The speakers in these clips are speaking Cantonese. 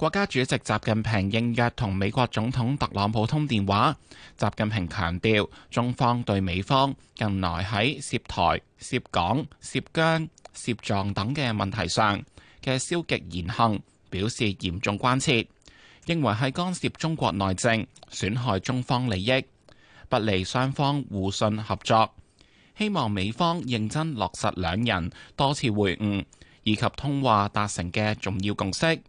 國家主席習近平應約同美國總統特朗普通電話。習近平強調，中方對美方近來喺涉台、涉港、涉疆、涉藏等嘅問題上嘅消極言行表示嚴重關切，認為係干涉中國內政，損害中方利益，不利雙方互信合作。希望美方認真落實兩人多次會晤以及通話達成嘅重要共識。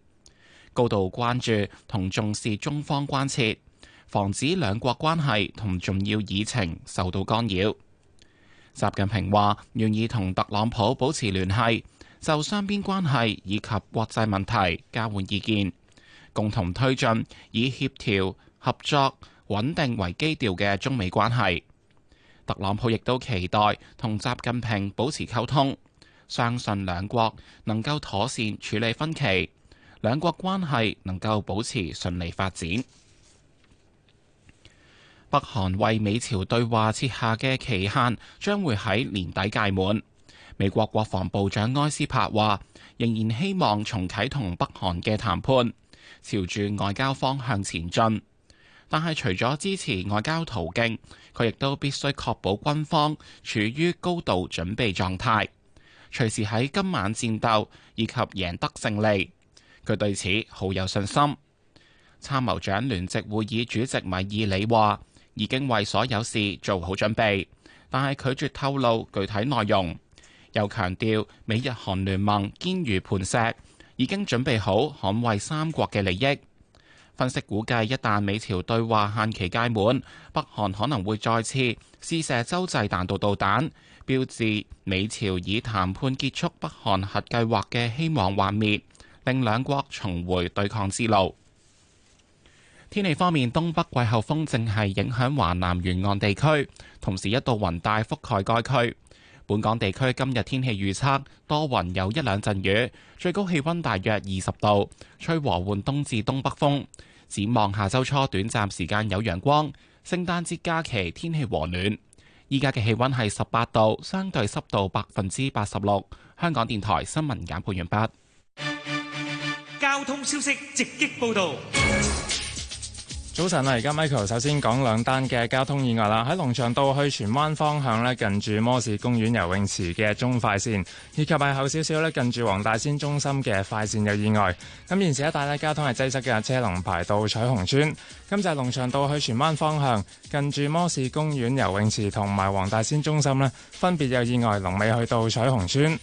高度關注同重視中方關切，防止兩國關係同重要議程受到干擾。習近平話願意同特朗普保持聯繫，就雙邊關係以及國際問題交換意見，共同推進以協調、合作、穩定為基調嘅中美關係。特朗普亦都期待同習近平保持溝通，相信兩國能夠妥善處理分歧。兩國關係能夠保持順利發展。北韓為美朝對話設下嘅期限將會喺年底屆滿。美國國防部長埃斯珀話：仍然希望重啟同北韓嘅談判，朝住外交方向前進。但係除咗支持外交途徑，佢亦都必須確保軍方處於高度準備狀態，隨時喺今晚戰鬥以及贏得勝利。佢對此好有信心。參謀長聯席會議主席米爾里話：已經為所有事做好準備，但係拒絕透露具體內容。又強調美日韓聯盟堅如磐石，已經準備好捍衛三國嘅利益。分析估計，一旦美朝對話限期屆滿，北韓可能會再次試射洲際彈道導彈，標誌美朝以談判結束北韓核計劃嘅希望幻滅。令兩國重回對抗之路。天氣方面，東北季候風正係影響華南沿岸地區，同時一度雲帶覆蓋該區。本港地區今日天氣預測多雲，有一兩陣雨，最高氣温大約二十度，吹和緩東至東北風。展望下周初，短暫時間有陽光。聖誕節假期天氣和暖。依家嘅氣温係十八度，相對濕度百分之八十六。香港電台新聞簡報完畢。交通消息直擊報道。早晨啦，而家 Michael 首先講兩單嘅交通意外啦。喺龍翔道去荃灣方向咧，近住摩士公園游泳池嘅中快線，以及係後少少咧，近住黃大仙中心嘅快線有意外。咁現時一帶咧，交通係擠塞嘅，車龍排到彩虹村。咁就係龍翔道去荃灣方向，近住摩士公園游泳池同埋黃大仙中心咧，分別有意外，龍尾去到彩虹村。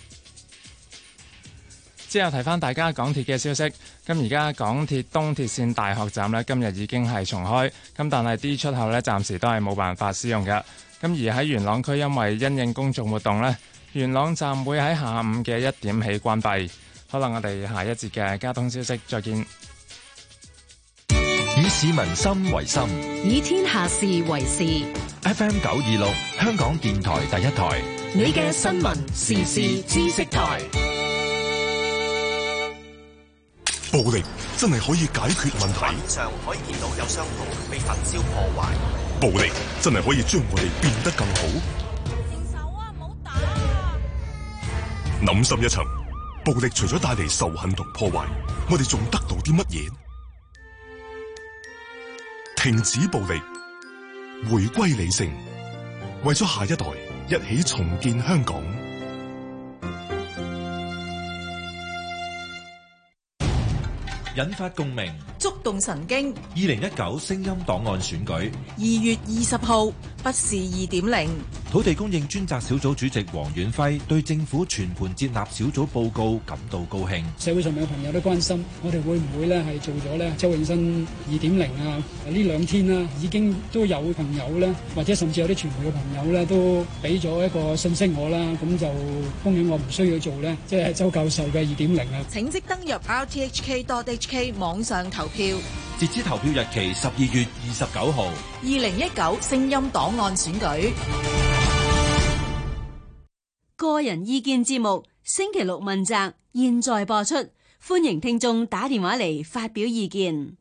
之後提返大家港鐵嘅消息，咁而家港鐵東鐵線大學站呢，今日已經係重開，咁但係啲出口呢，暫時都係冇辦法使用嘅。咁而喺元朗區，因為因應公眾活動呢，元朗站會喺下午嘅一點起關閉。可能我哋下一節嘅交通消息，再見。以市民心為心，以天下事為事。FM 九二六，香港電台第一台，你嘅新聞時事知識台。暴力真係可以解決問題？面上可以見到有商鋪被焚燒破壞。暴力真係可以將我哋變得更好？停手啊，唔好打啊！諗深一層，暴力除咗帶嚟仇恨同破壞，我哋仲得到啲乜嘢？停止暴力，回歸理性，為咗下一代，一起重建香港。引發共鳴。觸動神經。二零一九聲音檔案選舉，二月二十號不是二點零。土地供應專責小組主席黃遠輝對政府全盤接納小組報告感到高興。社會上面嘅朋友都關心，我哋會唔會咧係做咗咧周永新二點零啊？呢兩天啦，已經都有朋友咧，或者甚至有啲傳媒嘅朋友咧，都俾咗一個信息我啦。咁就供應我唔需要做咧，即係周教授嘅二點零啊。請即登入 rthk.hk 網上投票截止投票日期十二月二十九號，二零一九聲音檔案選舉個人意見節目星期六問責，現在播出，歡迎聽眾打電話嚟發表意見。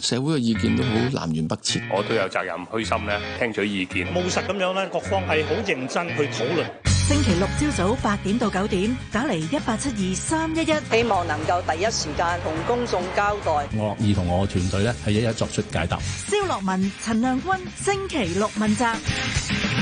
社會嘅意見都好南轅北轍，我都有責任虛心咧聽取意見，務實咁樣咧，各方係好認真去討論。星期六朝早八點到九點，打嚟，一八七二三一一，希望能夠第一時間同公眾交代。我樂意同我團隊咧，係一一作出解答。蕭洛汶、陳亮均，星期六問責。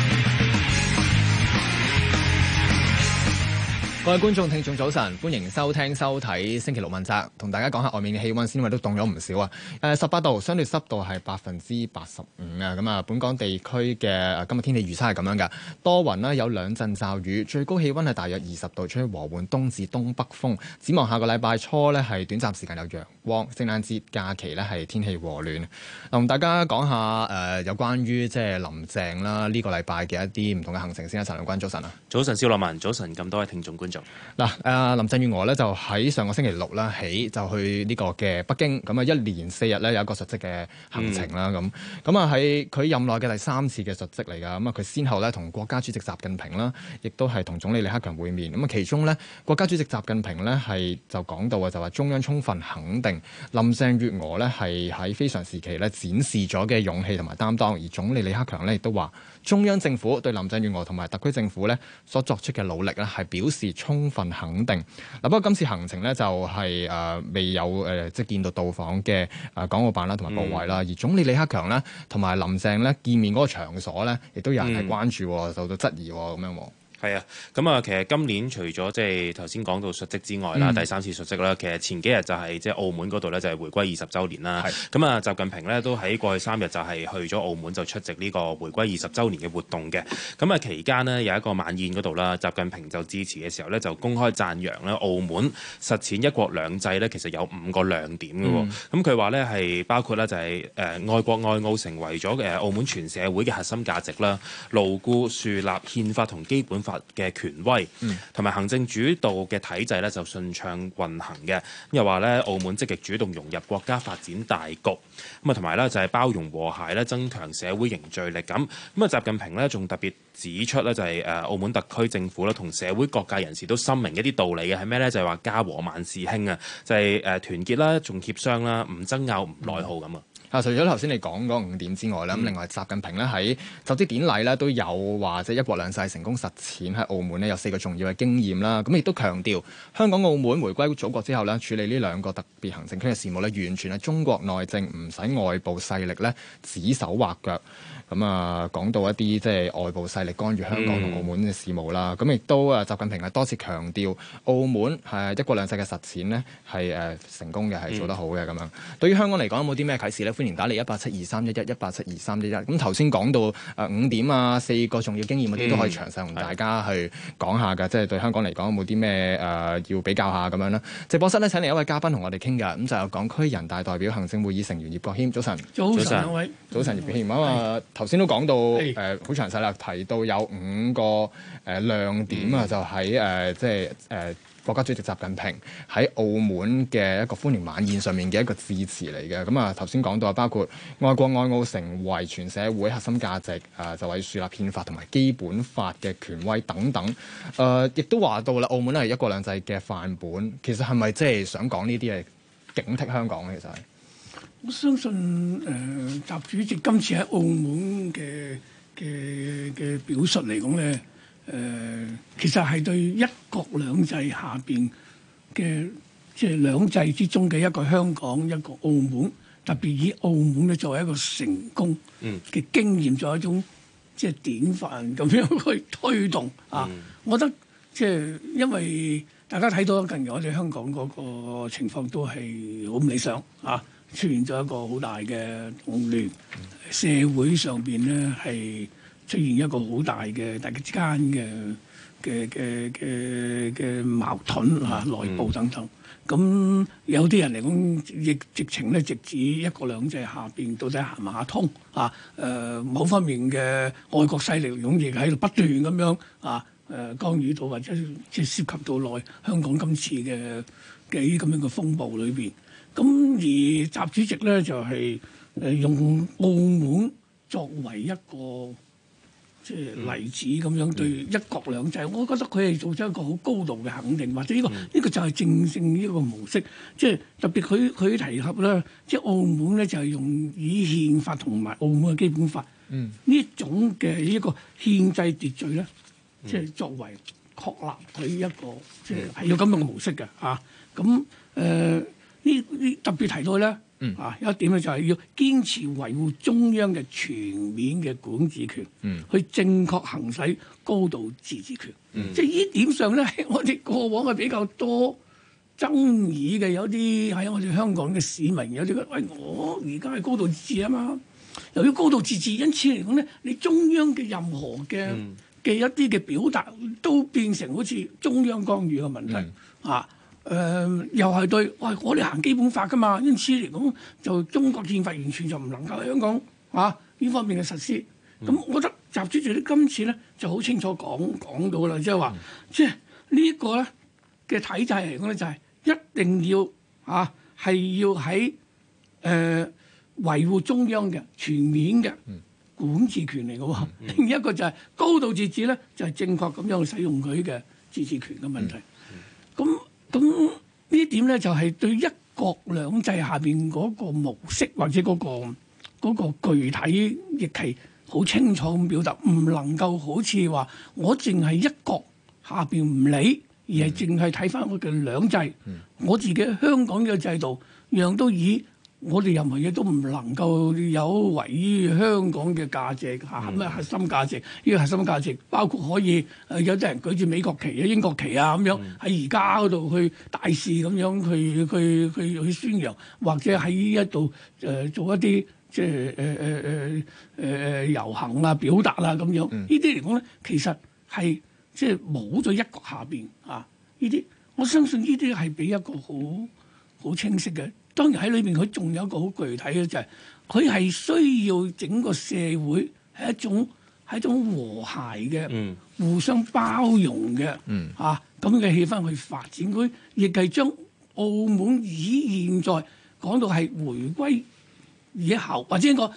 各位觀眾、聽眾，早晨！歡迎收聽、收睇《星期六問責》，同大家講下外面嘅氣温，先因為都凍咗唔少啊！誒、呃，十八度，相對濕度係百分之八十五啊！咁啊，本港地區嘅今日天，天氣預測係咁樣嘅，多雲呢，有兩陣驟雨，最高氣温係大約二十度，吹和緩東至東北風。展望下個禮拜初呢，係短暫時間有陽光。聖誕節假期呢，係天氣和暖。同大家講下誒，有、呃、關於即係林靜啦，呢、這個禮拜嘅一啲唔同嘅行程先啊！陳亮均，早晨啊！早晨，蕭洛汶，早晨！咁多位觀眾、多多多多聽眾。嗱，阿林鄭月娥咧就喺上個星期六啦，起就去呢個嘅北京，咁啊一連四日咧有一個述職嘅行程啦，咁咁啊喺佢任內嘅第三次嘅述職嚟㗎，咁啊佢先後咧同國家主席習近平啦，亦都係同總理李克強會面，咁啊其中咧國家主席習近平咧係就講到啊，就話中央充分肯定林鄭月娥咧係喺非常時期咧展示咗嘅勇氣同埋擔當，而總理李克強咧亦都話，中央政府對林鄭月娥同埋特區政府咧所作出嘅努力咧，係表示充分肯定。嗱，不過今次行程咧就係、是、誒、呃、未有誒、呃、即見到到訪嘅啊港澳辦啦同埋國委啦，嗯、而總理李克強咧同埋林鄭咧見面嗰個場所咧，亦都有人係關注、嗯、受到質疑咁樣喎。係啊，咁啊，其實今年除咗即係頭先講到述職之外啦，嗯、第三次述職啦，其實前幾日就係即係澳門嗰度呢，就係回歸二十週年啦。咁啊，習近平呢都喺過去三日就係去咗澳門就出席呢個回歸二十週年嘅活動嘅。咁啊，期間呢有一個晚宴嗰度啦，習近平就致辭嘅時候呢，就公開讚揚呢澳門實踐一國兩制呢，其實有五個亮點嘅、哦。咁佢話呢係包括呢就係誒愛國愛澳成為咗嘅、呃、澳門全社會嘅核心價值啦，牢固樹立憲法同基本。法嘅權威，同埋、嗯、行政主導嘅體制咧，就順暢運行嘅。咁又話咧，澳門積極主動融入國家發展大局咁啊，同埋咧就係、是、包容和諧咧，增強社會凝聚力咁。咁、嗯、啊，習近平呢，仲特別指出咧，就係、是、誒澳門特區政府咧同社會各界人士都深明一啲道理嘅，係咩咧？就係話家和萬事興啊，就係、是、誒、呃、團結啦，仲協商啦，唔爭拗，唔內耗咁啊。嗯嗯。啊！除咗頭先你講嗰五點之外咧，咁、嗯、另外習近平咧喺就職典禮咧都有話，即係一國兩制成功實踐喺澳門咧有四個重要嘅經驗啦。咁亦都強調香港澳門回歸祖國之後咧，處理呢兩個特別行政區嘅事務咧，完全係中國內政，唔使外部勢力咧指手畫腳。咁啊，講到一啲即係外部勢力干預香港同澳門嘅事務啦，咁亦、嗯、都啊，習近平係多次強調澳門係一國兩制嘅實踐咧，係誒成功嘅，係、嗯、做得好嘅咁樣。對於香港嚟講，有冇啲咩啟示呢？歡迎打嚟一八七二三一一一八七二三一一。咁頭先講到誒五點啊，四個重要經驗嗰啲都可以詳細同大家去講下噶，即係、嗯、對香港嚟講有冇啲咩誒要比較下咁樣咧？直播室呢，請嚟一位嘉賓同我哋傾噶，咁就有、是、港區人大代表、行政會議成員葉國謙，早晨，早晨上兩上、啊、位，早晨葉國謙。頭先都講到誒好 Hey.、呃、詳細啦，提到有五個誒、呃、亮點啊、mm hmm. 呃，就喺誒即係誒國家主席習近平喺澳門嘅一個歡迎晚宴上面嘅一個致詞嚟嘅。咁啊頭先講到啊，包括愛國愛澳成為全社會核心價值啊、呃，就係樹立憲法同埋基本法嘅權威等等。誒、呃、亦都話到啦，澳門係一國兩制嘅範本，其實係咪即係想講呢啲係警惕香港嘅其實？我相信誒、呃、習主席今次喺澳門嘅嘅嘅表述嚟講咧，誒、呃、其實係對一國兩制下邊嘅即係兩制之中嘅一個香港一個澳門，特別以澳門咧作為一個成功嘅經驗，嗯、作為一種即係典範咁樣去推動啊。嗯、我覺得即係因為大家睇到近嚟我哋香港嗰個情況都係好唔理想啊。出現咗一個好大嘅動亂，嗯、社會上邊咧係出現一個好大嘅大家之間嘅嘅嘅嘅嘅矛盾嚇、啊、內部等等。咁、嗯、有啲人嚟講，亦直情咧直指一國兩制下邊到底行唔行通啊？誒、呃，某方面嘅外國勢力湧現喺度不斷咁樣啊誒，干、呃、預到或者即涉及到內香港今次嘅嘅呢咁樣嘅風暴裏邊。咁而習主席咧就係、是、誒、呃、用澳門作為一個即係、就是、例子咁樣、嗯、對一國兩制，嗯、我覺得佢係做出一個好高度嘅肯定，或者呢、這個呢、嗯、個就係正正呢個模式，即、就、係、是、特別佢佢提及咧，即係澳門咧就係、是、用以憲法同埋澳門嘅基本法呢、嗯、種嘅一個憲制秩序咧，即係、嗯、作為確立佢一個即係係有咁樣嘅模式嘅啊，咁誒。呃呃呢呢特別提到咧，嗯、啊，有一點咧就係要堅持維護中央嘅全面嘅管治權，嗯、去正確行使高度自治權。即係呢點上咧，我哋過往係比較多爭議嘅，有啲喺我哋香港嘅市民有啲覺得，喂、哎，我而家係高度自治啊嘛。由於高度自治，因此嚟講咧，你中央嘅任何嘅嘅、嗯、一啲嘅表達，都變成好似中央干預嘅問題、嗯嗯、啊。誒、呃、又係對，喂、哎，我哋行基本法㗎嘛，因此嚟講，就中國憲法完全就唔能夠喺香港啊呢方面嘅實施。咁、嗯、我覺得習主席呢今次咧就好清楚講講到啦，就是嗯、即係話，即、這、係、個、呢一個咧嘅體制嚟講咧，就係、是、一定要啊係要喺誒維護中央嘅全面嘅管治權嚟嘅喎。嗯嗯、另一個就係、是、高度自治咧，就係、是、正確咁樣使用佢嘅自治權嘅問題。咁、嗯嗯嗯咁呢點咧就係、是、對一國兩制下邊嗰個模式或者嗰、那個那個具體議題好清楚咁表達，唔能夠好似話我淨係一國下邊唔理，而係淨係睇返我嘅兩制。嗯、我自己香港嘅制度，樣都以。我哋任何嘢都唔能夠有違於香港嘅價值嚇，咁、嗯、核心價值，呢、這個核心價值包括可以、呃、有啲人舉住美國旗啊、英國旗啊咁樣喺而家嗰度去大肆咁樣去去去去，去，去宣揚，或者喺呢一度誒做一啲即係誒誒誒誒誒遊行啦、啊、表達啦、啊、咁樣，呢啲嚟講咧，其實係即係冇咗一個下邊啊！呢啲我相信呢啲係俾一個好好清晰嘅。當然喺裏邊，佢仲有一個好具體嘅就係，佢係需要整個社會係一種係一種和諧嘅，嗯、互相包容嘅嚇咁嘅氣氛去發展。佢亦係將澳門以現在講到係回歸以後，或者講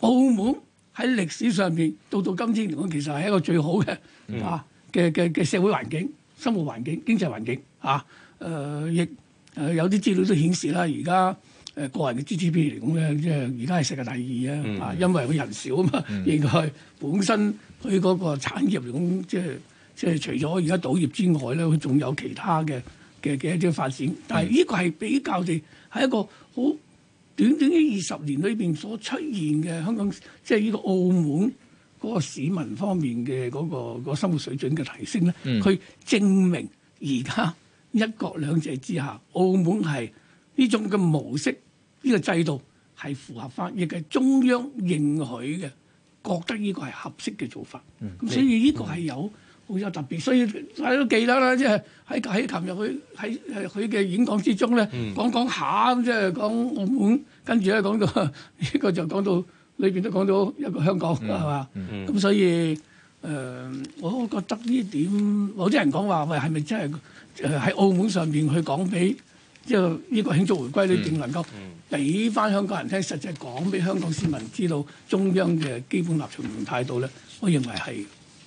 澳門喺歷史上邊到到今天嚟講，其實係一個最好嘅、嗯、啊嘅嘅嘅社會環境、生活環境、經濟環境啊，誒、呃、亦。誒有啲資料都顯示啦，而家誒個人嘅 GDP 嚟講咧，即係而家係世界第二啊！啊、嗯，因為佢人少啊嘛，應該、嗯、本身佢嗰個產業嚟講，即係即係除咗而家賭業之外咧，佢仲有其他嘅嘅嘅一啲發展。但係呢個係比較地，係一個好短短嘅二十年裏邊所出現嘅香港，即係呢個澳門嗰個市民方面嘅嗰、那個那個生活水準嘅提升咧，佢、嗯、證明而家。一國兩制之下，澳門係呢種嘅模式，呢個制度係符合翻，亦係中央認許嘅，覺得呢個係合適嘅做法。咁、嗯、所以呢個係有好、嗯、有特別，所以大家都記得啦。即係喺喺琴日佢喺佢嘅演講之中咧，嗯、講講下咁即係講澳門，跟住咧講到呢 個就講到裏邊都講到一個香港係嘛？咁所以誒、呃，我覺得呢點有啲人講話喂係咪真係？誒喺澳門上邊去講俾，即係呢個慶祝回歸你段 能夠俾翻香港人聽，實際講俾香港市民知道中央嘅基本立場同態度咧，我認為係。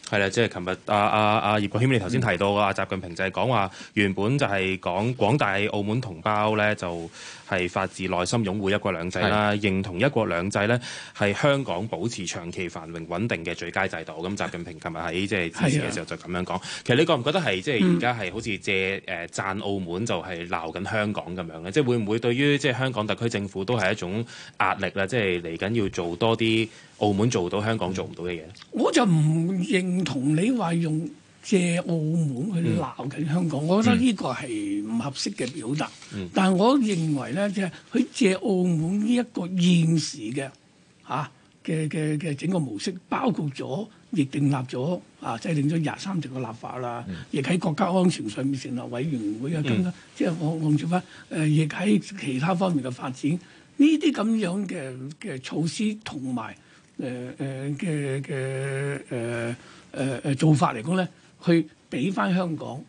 係啦，即係琴日阿阿阿葉國謙你頭先提到啊，嗯、習近平就係講話原本就係講廣大澳門同胞咧，就係發自內心擁護一國兩制啦，的認同一國兩制咧係香港保持長期繁榮穩定嘅最佳制度。咁的習近平琴日喺即係支持嘅時候就咁樣講。的其實你覺唔覺得係即係而家係好似借誒贊、呃、澳門就係鬧緊香港咁樣嘅？即、就、係、是、會唔會對於即係、就是、香港特區政府都係一種壓力啦？即係嚟緊要做多啲。澳門做到香港做唔到嘅嘢咧？我就唔認同你話用借澳門去鬧緊香港，嗯、我覺得呢個係唔合適嘅表達。嗯、但係我認為咧，即係佢借澳門呢一個現時嘅嚇嘅嘅嘅整個模式，包括咗亦訂立咗啊，制定咗廿三條嘅立法啦，嗯、亦喺國家安全上面成立委員會啊，咁即係我我唔知翻誒，亦喺其他方面嘅發展呢啲咁樣嘅嘅措施同埋。誒誒嘅嘅誒誒誒做法嚟講咧，去俾翻香港，誒、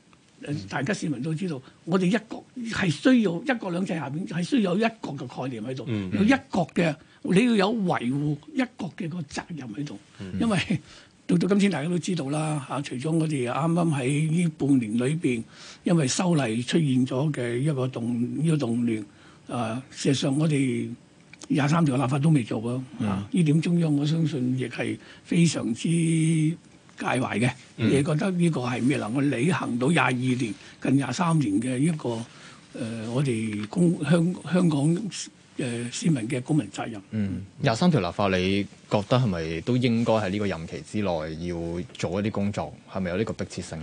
呃、大家市民都知道，我哋一國係需要一國兩制下邊係需要有一國嘅概念喺度，有一國嘅、嗯、你要有維護一國嘅個責任喺度，嗯、因為到到今天大家都知道啦嚇、啊，除咗我哋啱啱喺呢半年裏邊，因為修例出現咗嘅一個動一個動亂啊，事實上我哋。廿三條立法都未做啊。呢、嗯、點中央我相信亦係非常之介懷嘅，嗯、你覺得呢個係咩能夠履行到廿二年、近廿三年嘅一個誒、呃，我哋公香香港誒、呃、市民嘅公民責任。廿三、嗯、條立法你覺得係咪都應該喺呢個任期之內要做一啲工作？係咪有呢個迫切性？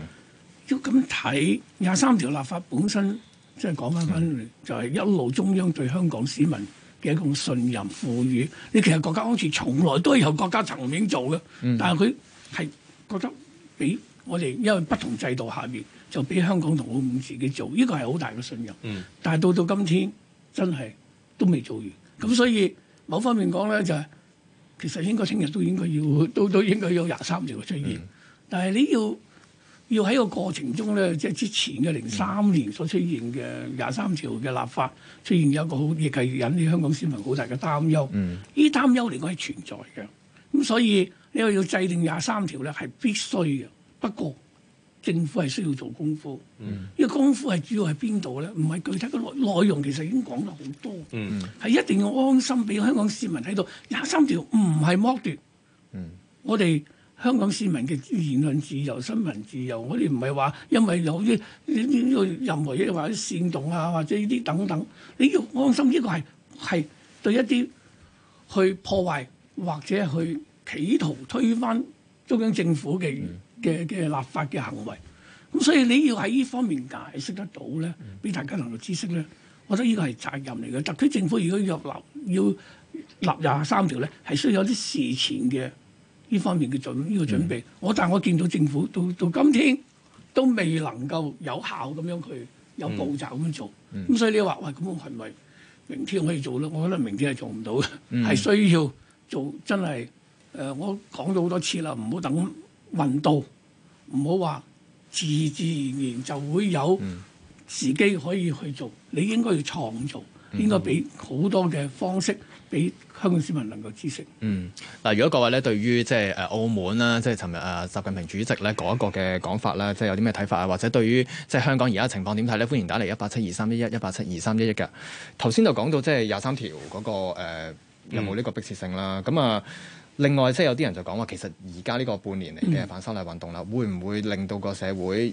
要咁睇廿三條立法本身，即係講返返，嗯、就係一路中央對香港市民。嘅一種信任賦予，你其實國家安全從來都係由國家層面做嘅。嗯、但係佢係覺得俾我哋，因為不同制度下邊就俾香港同澳門自己做，呢個係好大嘅信任。嗯、但係到到今天真係都未做完，咁所以某方面講咧就係、是、其實應該聽日都應該要都都應該有廿三條出現，嗯、但係你要。要喺個過程中咧，即係之前嘅零三年所出現嘅廿三條嘅立法、mm. 出現有個好，亦係引起香港市民好大嘅擔憂。呢、mm. 擔憂嚟講係存在嘅，咁所以呢個要制定廿三條咧係必須嘅。不過政府係需要做功夫，呢個、mm. 功夫係主要喺邊度咧？唔係具體嘅內內容，其實已經講咗好多。係、mm. 一定要安心俾香港市民睇到廿三條唔係剝奪。Mm. 我哋香港市民嘅言論自由、新聞自由，我哋唔係話因為有啲呢呢任何嘢或者煽動啊，或者呢啲等等，你要安心，呢個係係對一啲去破壞或者去企圖推翻中央政府嘅嘅嘅立法嘅行為。咁所以你要喺呢方面解釋得到咧，俾、mm. 大家能夠知識咧，我覺得呢個係責任嚟嘅。特區政府如果要立要立廿三條咧，係需要有啲事前嘅。呢方面嘅準呢，呢個準備，我，嗯，但係我見到政府到到今天都未能夠有效咁樣去，佢有步驟咁樣做，咁，嗯嗯、所以你話喂咁係咪明天可以做咧？我覺得明天係做唔到嘅，係，嗯，需要做真係誒、呃。我講咗好多次啦，唔好等運到，唔好話自自然然就會有時機可以去做，嗯，你應該要創造，應該俾好多嘅方式。俾香港市民能夠支持。嗯，嗱，如果各位咧對於即係誒澳門啦，即係尋日誒習近平主席咧講一個嘅講法啦，即係有啲咩睇法啊？或者對於即係香港而家情況點睇咧？歡迎打嚟一八七二三一一一八七二三一一嘅。頭先就講到即係廿三條嗰個誒有冇呢個迫切性啦。咁啊、嗯，另外即係有啲人就講話，其實而家呢個半年嚟嘅反修例運動啦，會唔會令到個社會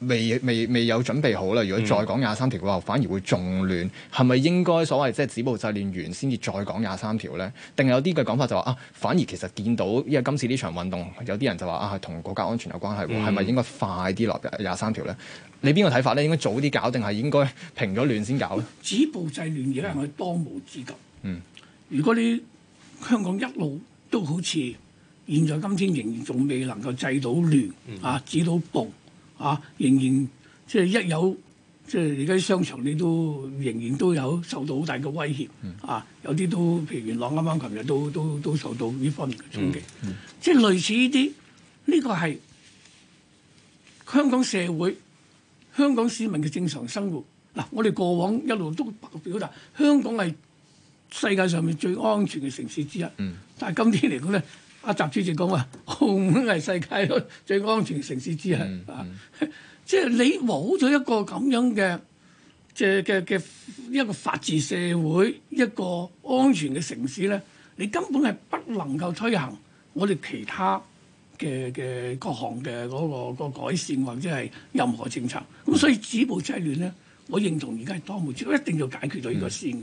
未未未有準備好啦！如果再講廿三條嘅話，嗯、反而會仲亂。係咪應該所謂即係止暴制亂完先至再講廿三條咧？定有啲嘅講法就話啊，反而其實見到因為今次呢場運動，有啲人就話啊，係同國家安全有關係，係咪應該快啲落廿三條咧？嗯、你邊個睇法咧？應該早啲搞定係應該平咗亂先搞咧？止暴制亂而家係咪當務之急？嗯，如果你香港一路都好似現在今天仍然仲未能夠制到亂啊，止到暴。啊，仍然即係一有即係而家啲商場，你都仍然都有受到好大嘅威脅。嗯、啊，有啲都譬如元朗啱啱琴日都都都受到呢方面嘅衝擊。嗯嗯、即係類似呢啲，呢、呢個係香港社會、香港市民嘅正常生活。嗱、啊，我哋過往一路都表達香港係世界上面最安全嘅城市之一。嗯、但係今天嚟講咧。阿習主席講話，澳門係世界最安全城市之一啊！即係、嗯嗯、 你冇咗一個咁樣嘅，即係嘅嘅一個法治社會，一個安全嘅城市咧，你根本係不能夠推行我哋其他嘅嘅各項嘅嗰個改善或者係任何政策。咁、嗯、所以止暴制亂咧，我認同而家係當務之急，一定要解決到呢個先嘅。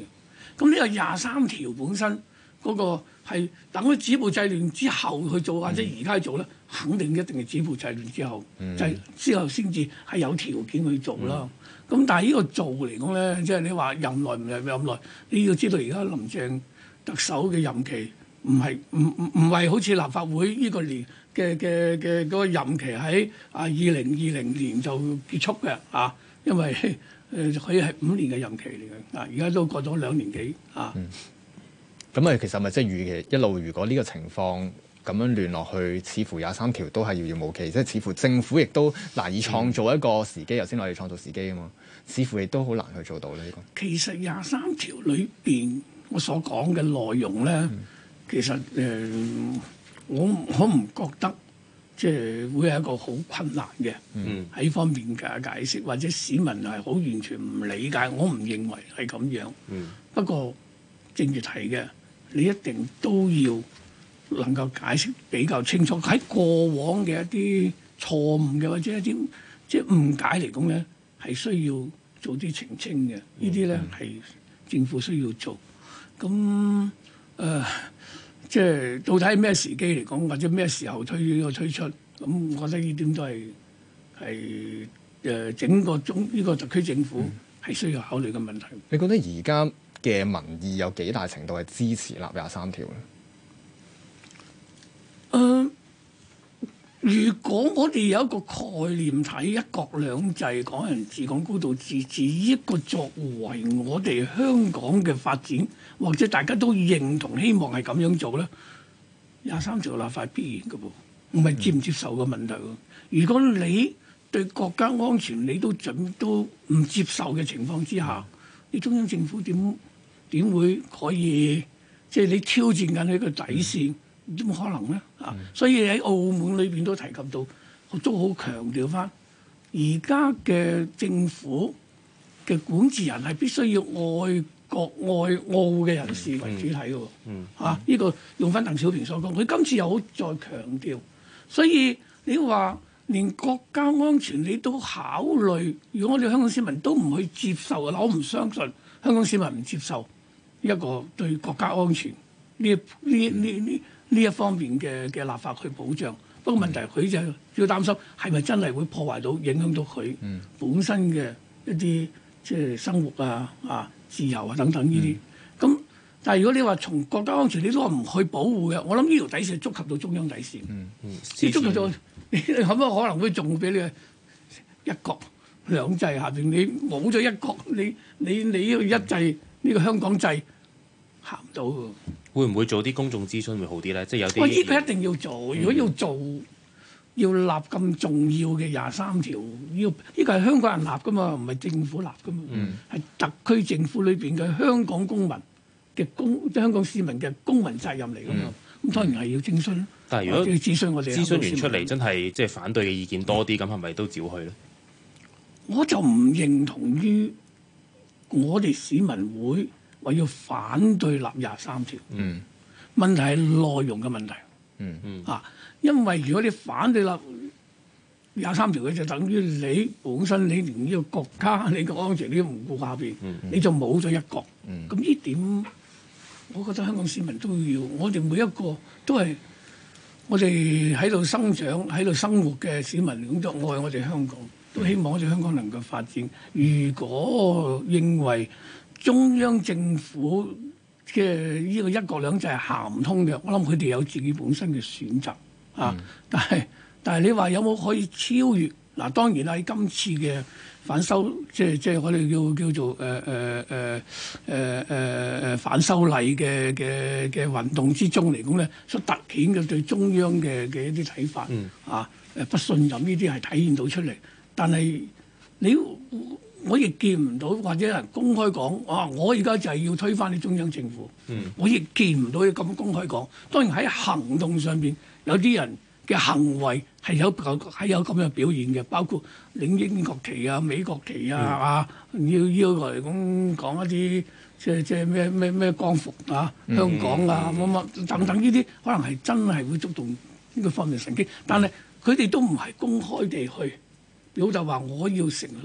咁呢、嗯、個廿三條本身。嗰個係等咗止暴制亂之後去做，或者而家做咧，肯定一定係止暴制亂之後，mm hmm. 就之後先至係有條件去做啦。咁、mm hmm. 嗯、但係呢個做嚟講咧，即係你話任內唔係任內，你要知道而家林鄭特首嘅任期唔係唔唔唔係好似立法會呢個年嘅嘅嘅嗰個任期喺啊二零二零年就結束嘅啊，因為誒佢係五年嘅任期嚟嘅，啊，而家都過咗兩年幾啊。Mm hmm. 咁啊，其實咪即係預期一路，如果呢個情況咁樣亂落去，似乎廿三條都係遙遙無期，即係似乎政府亦都難以創造一個時機，由先落嚟創造時機啊嘛，似乎亦都好難去做到呢、這個其實廿三條裏邊，我所講嘅內容咧，嗯、其實誒、呃，我我唔覺得即係會係一個好困難嘅，喺、嗯、方面嘅解釋，或者市民係好完全唔理解，我唔認為係咁樣，嗯、不過正如提嘅。你一定都要能夠解釋比較清楚，喺過往嘅一啲錯誤嘅或者一啲即係誤解嚟講咧，係需要做啲澄清嘅。呢啲咧係政府需要做。咁誒、呃，即係到底係咩時機嚟講，或者咩時候推呢個推出？咁我覺得呢點都係係誒整個中呢、呢個特區政府係需要考慮嘅問題。你覺得而家嘅民意有幾大程度係支持《立廿三條》咧？誒，如果我哋有一個概念睇一國兩制、港人治港、高度自治，一個作為我哋香港嘅發展，或者大家都認同、希望係咁樣做咧，《廿三條》立法必然嘅噃，唔係接唔接受嘅問題。如果你對國家安全你都准都唔接受嘅情況之下，你中央政府點？點會可以即係、就是、你挑戰緊佢個底線？點、mm. 可能咧？Mm. 啊！所以喺澳門裏邊都提及到，我都好強調翻，而家嘅政府嘅管治人係必須要愛國愛澳嘅人士為、mm. 主體嘅。嗯、mm. 啊，呢、這個用翻鄧小平所講，佢今次又好再強調。所以你話連國家安全你都考慮，如果我哋香港市民都唔去接受，我唔相信香港市民唔接受。一個對國家安全呢呢呢呢呢一方面嘅嘅立法去保障，不過問題佢就要擔心係咪真係會破壞到影響到佢本身嘅一啲即係生活啊、啊自由啊等等呢啲。咁、嗯、但係如果你話從國家安全，你都話唔去保護嘅。我諗呢條底線係觸及到中央底線，呢、嗯嗯嗯、觸及到你可唔可能會仲會俾你一國兩制下邊，你冇咗一國，你你你呢個一制呢個香港制？行唔到喎，會唔會做啲公眾諮詢會好啲咧？即係有啲，呢、哦呢個一定要做。嗯、如果要做，要立咁重要嘅廿三條，呢個呢個係香港人立㗎嘛，唔係政府立㗎嘛。嗯，係特區政府裏邊嘅香港公民嘅公，即香港市民嘅公民責任嚟㗎嘛。咁、嗯、當然係要徵詢。但係如果要諮詢我哋，諮詢完出嚟真係即係反對嘅意見多啲，咁係咪都照去咧？我就唔認同於我哋市民會。我要反對立廿三條，嗯嗯。嗯，問題係內容嘅問題。嗯嗯。啊，因為如果你反對立廿三條嘅，就等於你本身你連呢個國家、你個安全你都唔顧下邊，嗯嗯、你就冇咗一國。嗯。咁呢點，我覺得香港市民都要，我哋每一個都係我哋喺度生長、喺度生活嘅市民，工作愛我哋香港，都希望我哋香港能夠發展。如果認為中央政府嘅呢個一國兩制係行唔通嘅，我諗佢哋有自己本身嘅選擇啊。嗯、但係但係你話有冇可以超越嗱、啊？當然啦，喺今次嘅反修即係即係我哋叫叫做誒誒誒誒誒誒反修例嘅嘅嘅運動之中嚟講咧，所突顯嘅對中央嘅嘅一啲睇法、嗯、啊，誒不信任呢啲係體現到出嚟。但係你。我亦見唔到或者人公開講啊！我而家就係要推翻啲中央政府。嗯、我亦見唔到要咁公開講。當然喺行動上邊有啲人嘅行為係有個有咁樣表現嘅，包括領英國旗啊、美國旗啊、嗯、啊，要要嚟咁講一啲即係即係咩咩咩光復啊香港啊乜乜等等呢啲，可能係真係會觸動呢個方面神經，但係佢哋都唔係公開地去表達話我要成立。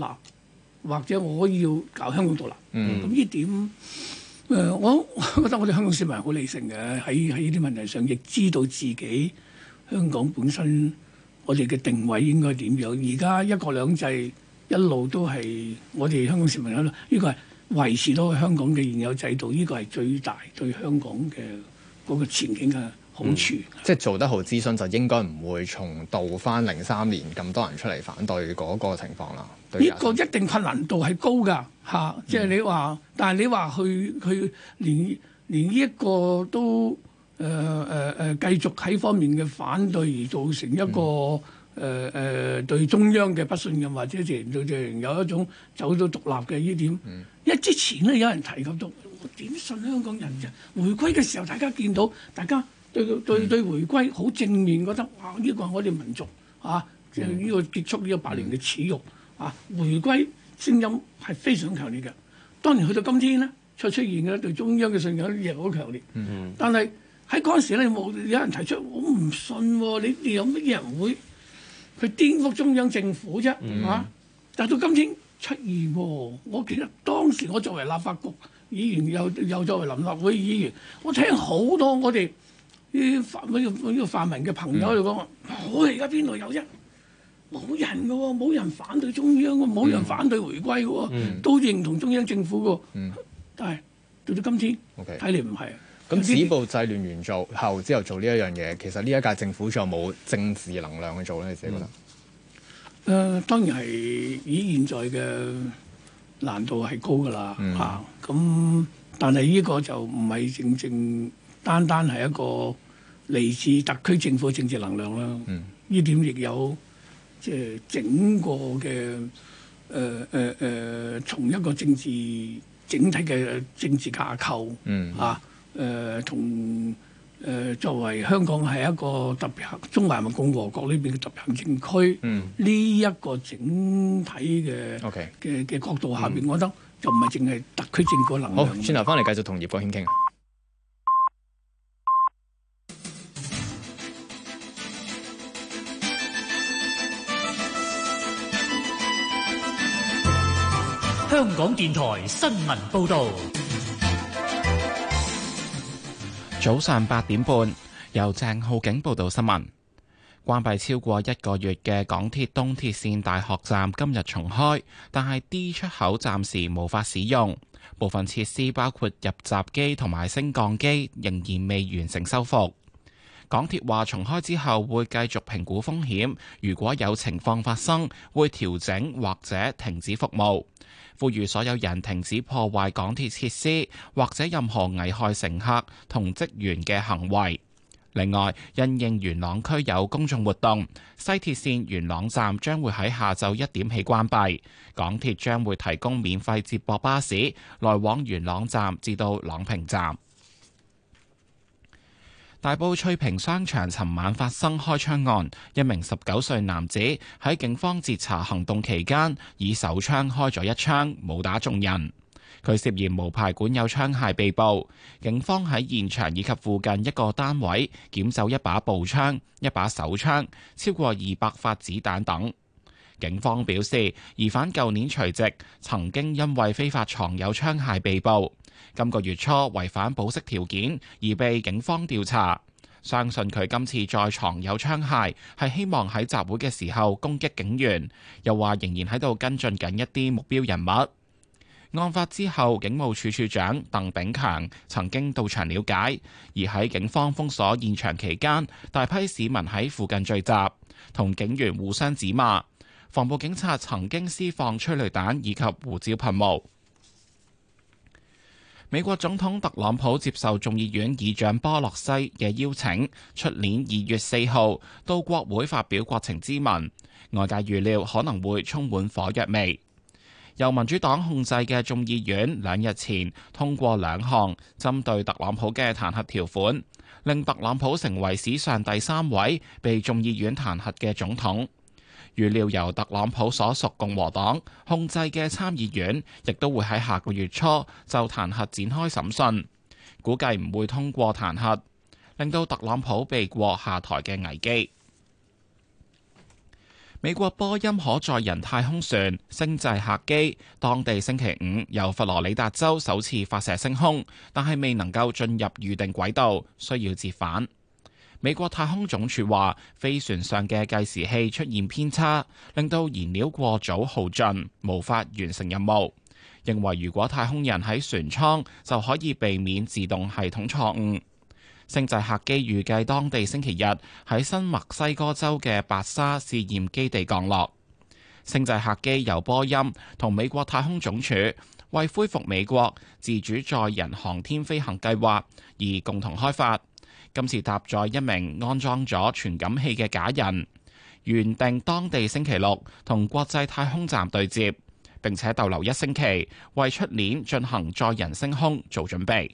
或者我可以要搞香港獨立，咁呢、嗯、點誒，我覺得我哋香港市民好理性嘅，喺喺呢啲問題上亦知道自己香港本身我哋嘅定位應該點樣，而家一國兩制一路都係我哋香港市民喺度呢個係維持到香港嘅現有制度，呢、呢個係最大對香港嘅嗰個前景啊！好處，嗯、即係做得好諮詢，嗯、就應該唔會重蹈翻零三年咁多人出嚟反對嗰個情況啦。呢個一定困難度係高㗎，嚇、嗯！即係、啊就是、你話，但係你話去去連連呢一個都誒誒誒繼續喺方面嘅反對而造成一個誒誒、嗯呃、對中央嘅不信任，或者甚至就有一種走到獨立嘅呢點。一、嗯、之前咧，有人提及到，我點信香港人嘅？回歸嘅時候，大家見到大家。對對對，迴歸好正面覺得，哇！呢、這個係我哋民族啊，即係呢個結束呢個百年嘅恥辱、嗯、啊，迴歸聲音係非常強烈嘅。當然去到今天呢，再出現嘅對中央嘅信任亦好強烈。嗯、但係喺嗰陣時咧，冇有人提出我唔信、哦、你你有乜嘢人會去顛覆中央政府啫？啊！但到今天出現喎，我記得當時我作為立法局議員，又又作為臨立會議員，我聽好多我哋。呢個呢個泛民嘅朋友就講：嗯、我哋而家邊度有啫？冇人嘅喎，冇人反對中央，冇人反對回歸嘅喎，嗯、都認同中央政府嘅喎。嗯、但係到到今天睇嚟唔係。咁 Okay. 止暴制亂完做後之後做呢一樣嘢，其實呢一屆政府仲有冇政治能量去做咧？你自己覺得？誒、嗯呃，當然係以現在嘅難度係高嘅啦嚇。咁、嗯啊、但係呢個就唔係正，正正。單單係一個嚟自特區政府政治能量啦，呢、嗯、點亦有即係、就是、整個嘅誒誒誒，從、呃呃、一個政治整體嘅政治架構、嗯、啊，誒、呃、同誒、呃、作為香港係一個特別中華人民共和國呢邊嘅特別行政區，呢、嗯、一個整體嘅嘅嘅角度下邊，嗯、我覺得就唔係淨係特區政府能力。好，轉頭翻嚟繼續同葉國謙傾。香港電台新聞報道，早上八點半由鄭浩景報道新聞。關閉超過一個月嘅港鐵東鐵綫大學站今日重開，但係 D 出口暫時無法使用，部分設施包括入閘機同埋升降機仍然未完成修復。港鐵話重開之後會繼續評估風險，如果有情況發生，會調整或者停止服務。呼籲所有人停止破壞港鐵設施或者任何危害乘客同職員嘅行為。另外，因應元朗區有公眾活動，西鐵綫元朗站將會喺下晝一點起關閉，港鐵將會提供免費接駁巴士來往元朗站至到朗平站。大埔翠屏商場尋晚發生開槍案，一名十九歲男子喺警方截查行動期間，以手槍開咗一槍，無打中人。佢涉嫌無牌管有槍械被捕。警方喺現場以及附近一個單位，檢走一把步槍、一把手槍、超過二百發子彈等。警方表示，疑犯舊年除夕曾經因為非法藏有槍械被捕。今個月初違反保釋條件而被警方調查，相信佢今次再藏有槍械，係希望喺集會嘅時候攻擊警員。又話仍然喺度跟進緊一啲目標人物。案發之後，警務處處長鄧炳強曾經到場了解，而喺警方封鎖現場期間，大批市民喺附近聚集，同警員互相指罵。防暴警察曾經施放催淚彈以及胡椒噴霧。美國總統特朗普接受眾議院議長波洛西嘅邀請，出年二月四號到國會發表國情咨文，外界預料可能會充滿火藥味。由民主黨控制嘅眾議院兩日前通過兩項針對特朗普嘅彈劾條款，令特朗普成為史上第三位被眾議院彈劾嘅總統。預料由特朗普所屬共和黨控制嘅參議院，亦都會喺下個月初就彈劾展開審訊，估計唔會通過彈劾，令到特朗普避過下台嘅危機。美國波音可載人太空船星際客機，當地星期五由佛羅里達州首次發射升空，但係未能夠進入預定軌道，需要折返。美國太空總署話，飛船上嘅計時器出現偏差，令到燃料過早耗盡，無法完成任務。認為如果太空人喺船艙就可以避免自動系統錯誤。星際客機預計當地星期日喺新墨西哥州嘅白沙試驗基地降落。星際客機由波音同美國太空總署為恢復美國自主載人航天飛行計劃而共同開發。今次搭載一名安裝咗傳感器嘅假人，原定當地星期六同國際太空站對接，並且逗留一星期，為出年進行載人升空做準備。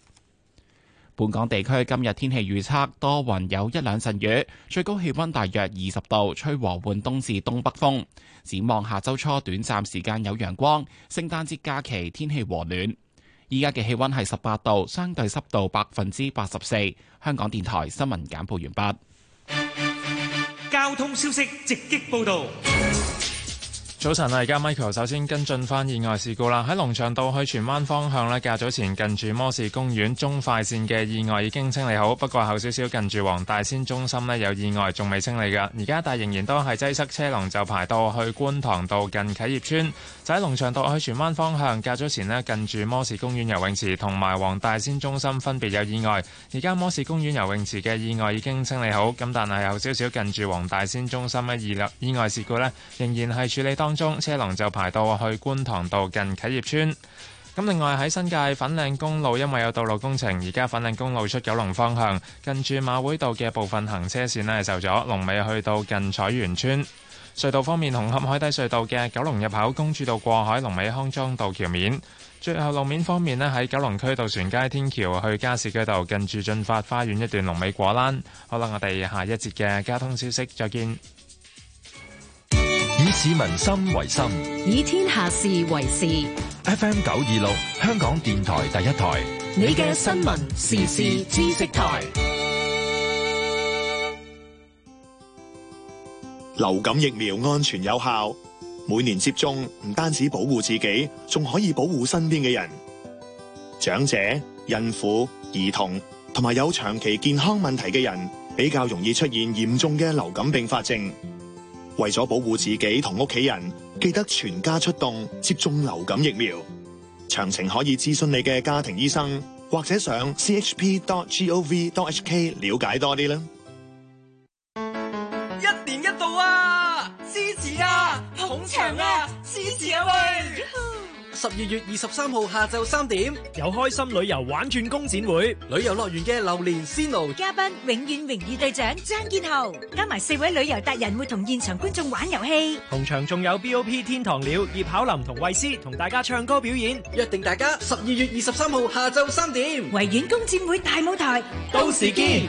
本港地區今日天氣預測多雲有一兩陣雨，最高氣溫大約二十度，吹和緩東至東北風。展望下周初短暫時間有陽光，聖誕節假期天氣和暖。依家嘅氣溫係十八度，相對濕度百分之八十四。香港電台新聞簡報完畢。交通消息直擊報道。早晨啊，而家 Michael 首先跟進翻意外事故啦。喺龍翔道去荃灣方向咧，較早前近住摩士公園中快線嘅意外已經清理好，不過後少少近住黃大仙中心咧有意外仲未清理噶。而家但仍然都係擠塞車龍，就排到去觀塘道近啟業邨。就喺龍翔道去荃灣方向，較早前咧近住摩士公園游泳池同埋黃大仙中心分別有意外。而家摩士公園游泳池嘅意外已經清理好，咁但係後少少近住黃大仙中心嘅意意外事故咧，仍然係處理當。當中車龍就排到去觀塘道近啟業村。咁另外喺新界粉嶺公路，因為有道路工程，而家粉嶺公路出九龍方向近住馬會道嘅部分行車線咧受咗，龍尾去到近彩園村。隧道方面，紅磡海底隧道嘅九龍入口公主道過海龍尾康莊道橋面。最後路面方面咧，喺九龍區渡船街天橋去加士居道近住駿發花園一段龍尾果欄。好啦，我哋下一節嘅交通消息再見。市民心為心，以天下事為事。FM 九二六，香港電台第一台。你嘅新聞時事知識台。流感疫苗安全有效，每年接種唔單止保護自己，仲可以保護身邊嘅人。長者、孕婦、兒童同埋有長期健康問題嘅人，比較容易出現嚴重嘅流感併發症。為咗保護自己同屋企人，記得全家出動接種流感疫苗。詳情可以諮詢你嘅家庭醫生，或者上 chp.gov.hk 了解多啲啦。一年一度啊，支持啊，捧場啊，支持啊！十二月二十三號下晝三點，有開心旅遊玩轉工展會旅遊樂園嘅榴蓮鮮露，嘉賓永遠榮譽隊長張建豪，加埋四位旅遊達人會同現場觀眾玩遊戲，同場仲有 BOP 天堂鳥葉巧琳同慧思同大家唱歌表演，約定大家十二月二十三號下晝三點維園工展會大舞台，到時見。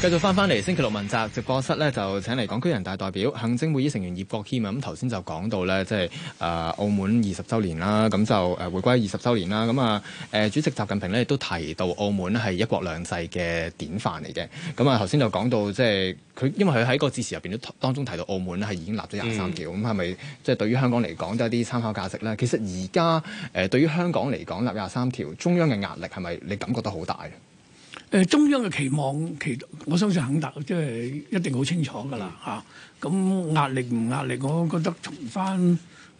繼續翻返嚟星期六問責直播室咧，就請嚟港區人大代表、行政會議成員葉國謙啊！咁頭先就講到咧，即係啊、呃，澳門二十週年啦，咁就誒、呃、回歸二十週年啦，咁啊誒主席習近平咧亦都提到澳門咧係一國兩制嘅典範嚟嘅。咁啊頭先就講到即係佢，因為佢喺個致辭入邊都當中提到澳門咧係已經立咗廿三條，咁係咪即係對於香港嚟講都有啲參考價值咧？其實而家誒對於香港嚟講立廿三條，中央嘅壓力係咪你感覺得好大？誒中央嘅期望，其我相信肯達即係一定好清楚㗎啦嚇。咁壓 Okay.、啊、力唔壓力，我覺得從翻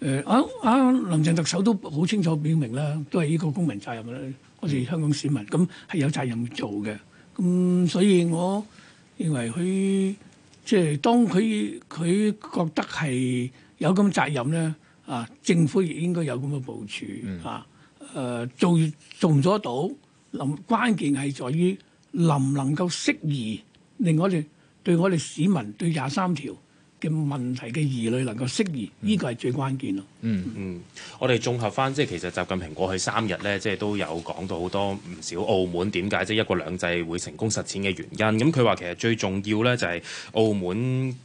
誒啱啱林鄭特首都好清楚表明啦，都係呢個公民責任啦，mm. 我哋香港市民咁係有責任做嘅。咁所以我認為佢即係當佢佢覺得係有咁責任咧，啊政府亦應該有咁嘅部署嚇，誒、mm. 啊、做做唔做得到。關鍵係在於能唔能夠釋疑令我哋對我哋市民對廿三條嘅問題嘅疑慮能夠釋疑，呢個係最關鍵咯。嗯嗯，我哋綜合翻，即係其實習近平過去三日咧，即係都有講到好多唔少澳門點解即係一國兩制會成功實踐嘅原因。咁佢話其實最重要咧就係澳門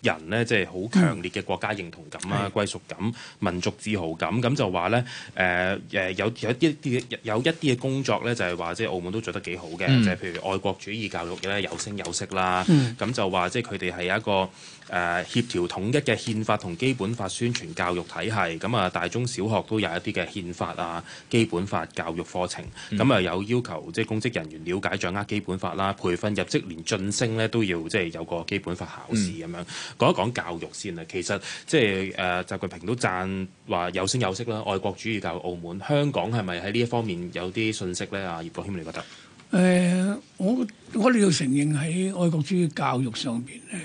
人咧，即係好強烈嘅國家認同感啊、歸屬感、民族自豪感。咁就話咧，誒、呃、誒有有，有，有一啲有一啲嘅工作咧，就係話即係澳門都做得幾好嘅，就係、嗯、譬如愛國主義教育嘅咧有聲有色啦。咁就話即係佢哋係一個誒協調統一嘅憲法同基本法宣傳教育體系。咁啊～啊！大中小學都有一啲嘅憲法啊、基本法教育課程，咁啊、嗯、有要求即係、就是、公職人員了解、掌握基本法啦，培訓入職、連晉升咧都要即係有個基本法考試咁樣。嗯、講一講教育先啦，其實即係誒習近平都讚話有聲有色啦，愛國主義教育澳門、香港係咪喺呢一方面有啲信息咧？啊，葉國謙你覺得？誒、呃，我我哋要承認喺愛國主義教育上邊咧，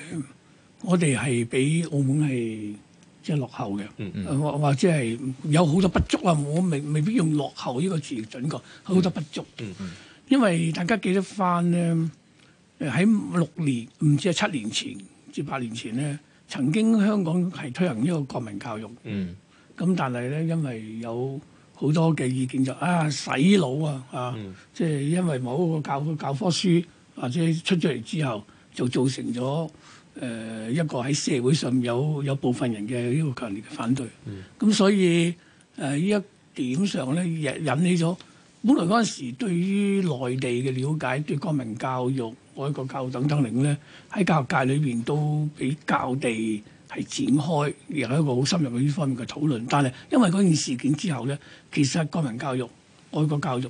我哋係比澳門係。即係落後嘅，或、嗯嗯、或者係有好多不足啊！我未未必用落後呢個字準、準確，好多不足。嗯嗯嗯、因為大家記得翻咧，喺六年唔知係七年前至八年前咧，曾經香港係推行呢個國民教育。咁、嗯、但係咧，因為有好多嘅意見就啊洗腦啊啊，即係、啊啊嗯、因為某個教科教科書或者出咗嚟之後，就造成咗。誒、呃、一個喺社會上有有部分人嘅呢個強烈嘅反對，咁、嗯、所以誒呢、呃、一點上咧引引起咗，本來嗰陣時對於內地嘅了解，對國民教育、愛國教育等等嚟講咧，喺教育界裏邊都比較地係展開，又係一個好深入嘅呢方面嘅討論。但係因為嗰件事件之後咧，其實國民教育、愛國教育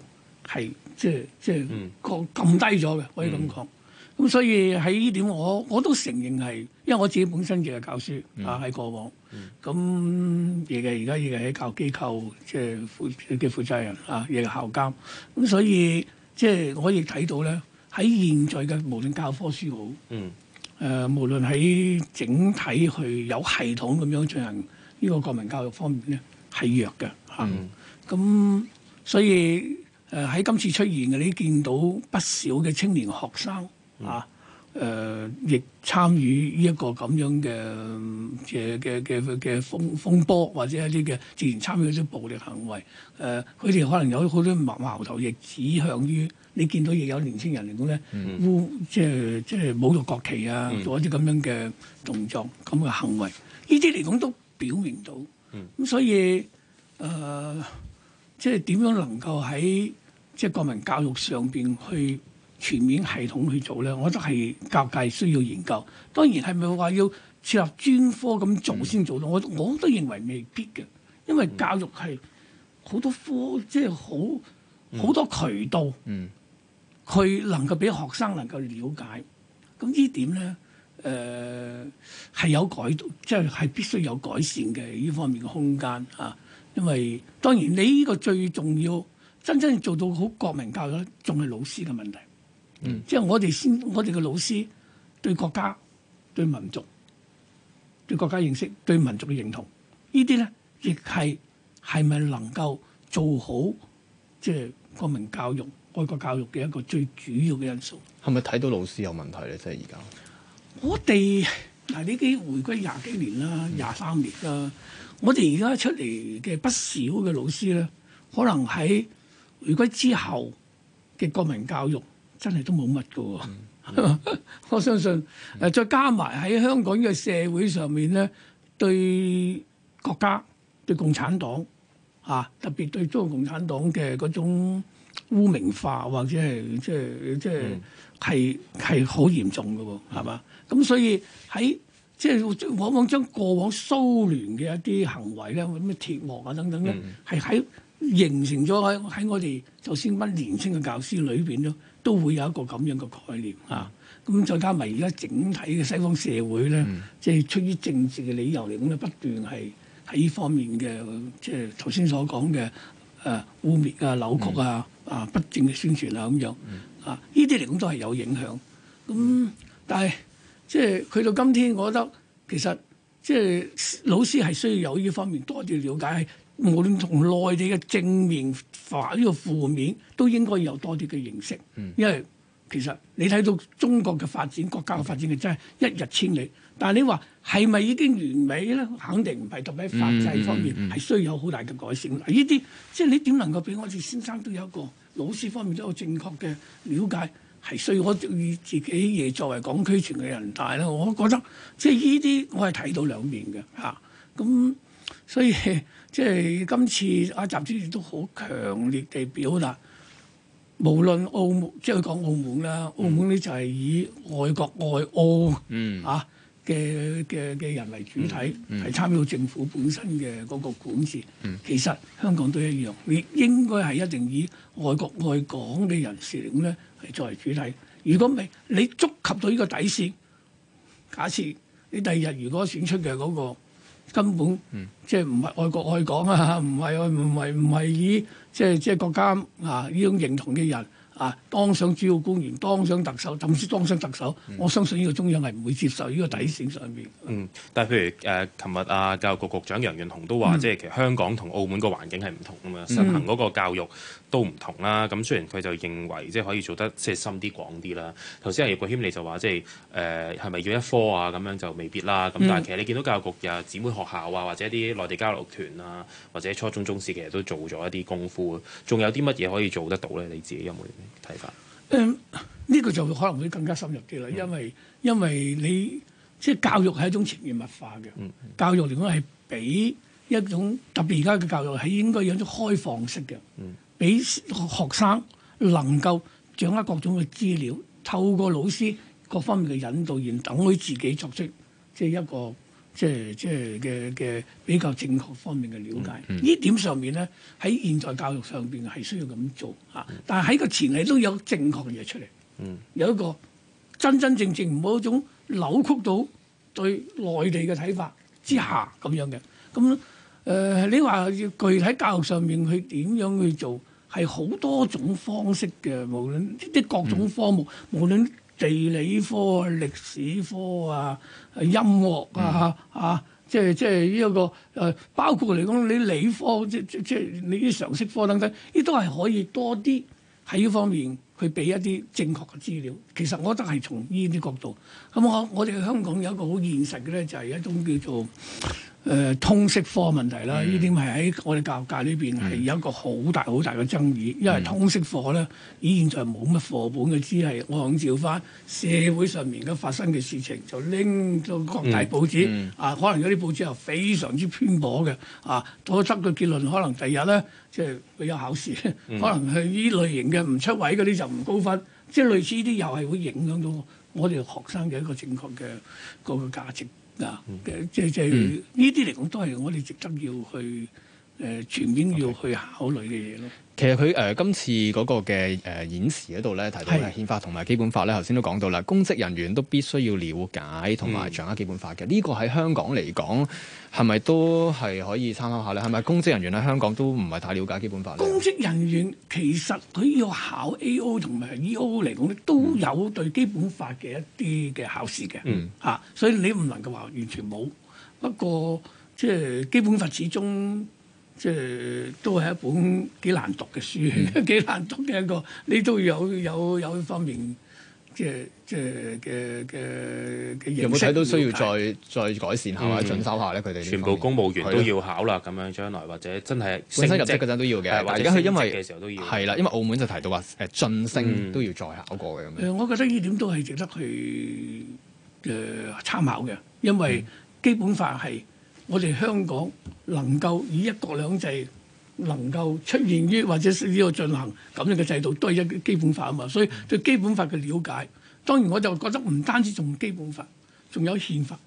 係即係即係降撳低咗嘅，可以咁講。嗯嗯咁所以喺呢點我，我我都承認，係因為我自己本身亦係教書、嗯、啊，喺過往咁亦嘅。而家亦係喺教育機構，即係嘅負責人啊，亦係校監，咁。所以即係，就是、我亦睇到咧，喺現在嘅無論教科書好，誒、嗯呃，無論喺整體去有系統咁樣進行呢個國民教育方面咧係弱嘅嚇。咁、嗯啊、所以誒，喺、呃、今次出現嘅，你見到不少嘅青年學生。啊！誒、呃，亦參與呢一個咁樣嘅嘅嘅嘅嘅風波，或者一啲嘅自然參與一啲暴力行為。誒、呃，佢哋可能有好多矛矛頭，亦指向於你見到亦有年輕人嚟講咧，嗯、污、呃、即係即係侮辱國旗啊，做一啲咁樣嘅動作、咁嘅、嗯、行為。呢啲嚟講都表明到。咁、嗯嗯、所以誒、呃，即係點樣能夠喺即係國民教育上邊去，全面系統去做咧，我覺得係教界需要研究。當然係咪話要設立專科咁做先做到？我我都認為未必嘅，因為教育係好多科，即係好好多渠道，佢、嗯、能夠俾學生能夠了解。咁呢點咧，誒、呃、係有改，即係係必須有改善嘅呢方面嘅空間啊。因為當然你呢個最重要，真真正做到好國民教育咧，仲係老師嘅問題。嗯、即係我哋先，我哋嘅老師對國家、對民族、對國家認識、對民族嘅認同，呢啲咧亦係係咪能夠做好即係國民教育、愛國教育嘅一個最主要嘅因素？係咪睇到老師有問題咧？即係而家，我哋嗱呢啲回歸廿幾年啦，廿三年啦，嗯、我哋而家出嚟嘅不少嘅老師咧，可能喺回歸之後嘅國民教育。真係都冇乜嘅，嗯、 我相信誒，嗯、再加埋喺香港嘅社會上面咧，對國家、對共產黨嚇、啊，特別對中國共產黨嘅嗰種污名化或者係即係即係係係好嚴重嘅喎，係嘛？咁、嗯、所以喺即係往往將過往蘇聯嘅一啲行為咧，咩鐵幕啊等等咧，係喺形成咗喺喺我哋頭先嗰啲年青嘅教師裏邊咯。都會有一個咁樣嘅概念嚇，咁、啊啊、再加埋而家整體嘅西方社會咧，即係、嗯、出於政治嘅理由嚟講咧，不斷係喺呢方面嘅，即係頭先所講嘅誒污蔑啊、扭曲啊、嗯、啊不正嘅宣傳啊咁樣、嗯、啊，呢啲嚟講都係有影響。咁、嗯嗯、但係即係去到今天，我覺得其實即係、就是、老師係需要有呢方面多啲了解。無論從內地嘅正面或呢個負面，都應該有多啲嘅認識。因為其實你睇到中國嘅發展，國家嘅發展，佢真係一日千里。但係你話係咪已經完美咧？肯定唔係，特別喺法制方面係需要有好大嘅改善。呢啲即係你點能夠俾我哋先生都有一個老師方面都有正確嘅了解？係需要我以自己嘢作為港區前嘅人大咧，我覺得即係呢啲我係睇到兩面嘅嚇咁。啊所以即係、就是、今次阿習主席都好強烈地表達，無論澳門，即係佢講澳門啦，澳門咧就係以愛國愛澳嗯、嘅嘅嘅人為主體，係、嗯嗯、參與政府本身嘅嗰個管治。嗯、其實香港都一樣，你應該係一定以愛國愛港嘅人士嚟咧係作為主體。如果唔係你觸及到呢個底線，假設你第二日如果選出嘅嗰、那個根本即係唔係愛國愛港啊，唔係唔係唔係以即係即係國家啊呢種認同嘅人啊當上主要官員，當上特首，甚至當上特首，嗯、我相信呢個中央係唔會接受呢個底線上面。嗯，但係譬如誒，琴、呃、日啊，教育局局長楊潤雄都話，即係、嗯、其實香港同澳門個環境係唔同啊嘛，進行嗰個教育。嗯嗯都唔同啦。咁雖然佢就認為即係可以做得即係深啲、廣啲啦。頭先阿葉國謙你就話即係誒係咪要一科啊？咁樣就未必啦。咁但係其實你見到教育局啊，姊妹學校啊，或者啲內地交流團啊，或者初中、中試，其實都做咗一啲功夫。仲有啲乜嘢可以做得到咧？你自己有冇睇法？誒呢、嗯這個就可能會更加深入啲啦、嗯因，因為因為你即係教育係一種潛移默化嘅、嗯、教育，嚟講係俾一種特別而家嘅教育係應該有一種開放式嘅。嗯俾學生能夠掌握各種嘅資料，透過老師各方面嘅引導，然等佢自己作出即係一個即係即係嘅嘅比較正確方面嘅了解。呢、嗯嗯、點上面咧喺現在教育上邊係需要咁做嚇、啊，但係喺個前提都有正確嘅嘢出嚟，有一個真真正正唔好一種扭曲到對內地嘅睇法之下咁樣嘅。咁、嗯、誒、嗯嗯，你話要具體教育上面去點樣去做？係好多種方式嘅，無論呢各種科目，嗯、無論地理科啊、歷史科啊、啊音樂啊嚇即係即係呢一個誒，包括嚟講你理科即即即你啲常識科等等，呢都係可以多啲喺呢方面去俾一啲正確嘅資料。其實我覺得係從呢啲角度，咁我我哋香港有一個好現實嘅咧，就係一種叫做。誒通識科問題啦，呢點係喺我哋教育界呢邊係有一個好大好大嘅爭議，嗯、因為通識課咧，依現在冇乜課本嘅，只係按照翻社會上面而家發生嘅事情，就拎到各大報紙、嗯嗯、啊，可能有啲報紙係非常之偏頗嘅啊，所得出嘅結論可能第日咧，即係佢有考試，可能係呢類型嘅唔出位嗰啲就唔高分，即係類似呢啲又係會影響到我哋學生嘅一個正確嘅嗰個價值。嗱，即係即係呢啲嚟講，都係我哋值得要去誒、呃、全面要去考慮嘅嘢咯。Okay. 其實佢誒、呃、今次嗰個嘅誒、呃、演示嗰度咧，提到憲法同埋基本法咧，頭先是都講到啦，公職人員都必須要了解同埋掌握基本法嘅。呢、嗯、個喺香港嚟講，係咪都係可以參考下咧？係咪公職人員喺香港都唔係太了解基本法咧？公職人員其實佢要考 AO 同埋 EO 嚟講咧，都有對基本法嘅一啲嘅考試嘅。嗯，啊，所以你唔能夠話完全冇，不過即係基本法始終。即係都係一本幾難讀嘅書，幾難讀嘅一個，你都要有有有方面，即係即係嘅嘅嘢。有冇睇到需要再再改善下或者進修下咧？佢哋全部公務員都要考啦，咁樣將來或者真係升職嗰陣都要嘅，或者佢因為係啦，因為澳門就提到話誒晉升都要再考過嘅咁樣。我覺得呢點都係值得去誒參考嘅，因為基本法係。我哋香港能夠以一國兩制能夠出現於或者呢個進行咁樣嘅制度，都係一個基本法啊嘛。所以對基本法嘅了解，當然我就覺得唔單止仲基本法，仲有憲法，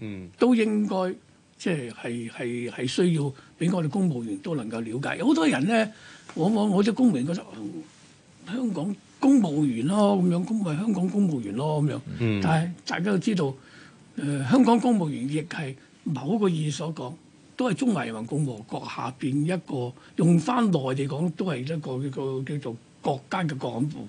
嗯，都應該即係係係係需要俾我哋公務員都能夠了解。好多人咧，往往我啲公務員覺得、嗯、香港公務員咯咁樣，公為、就是、香港公務員咯咁樣，但係大家都知道，誒、呃、香港公務員亦係。某個意思所講，都係中華人民共和國下邊一個用翻內地講，都係一個，一個叫做國家嘅幹部，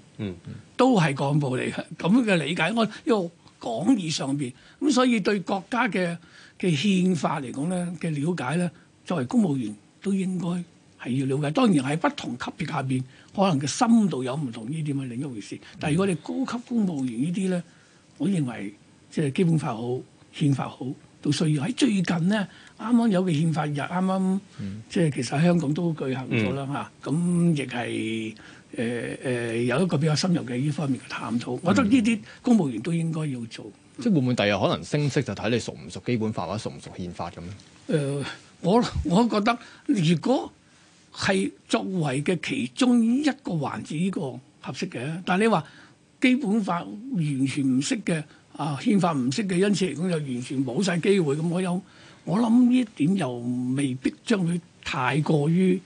都係幹部嚟嘅咁嘅理解。我喺廣義上邊咁，所以對國家嘅嘅憲法嚟講咧嘅了解咧，作為公務員都應該係要了解。當然喺不同級別下邊可能嘅深度有唔同，呢點係另一回事。但係如果你高級公務員呢啲咧，我認為即係基本法好，憲法好。都需要喺最近咧，啱啱有個憲法日，啱啱即係其實香港都舉行咗啦嚇，咁亦係誒誒有一個比較深入嘅呢方面嘅探討。嗯、我覺得呢啲公務員都應該要做，嗯、即係會唔會第日可能升職就睇你熟唔熟基本法或者熟唔熟憲法咁咧？誒、呃，我我覺得如果係作為嘅其中一個環節，呢個合適嘅。但係你話基本法完全唔識嘅？啊，憲法唔識嘅，因此嚟講又完全冇晒機會。咁我有，我諗呢點又未必將佢太過於，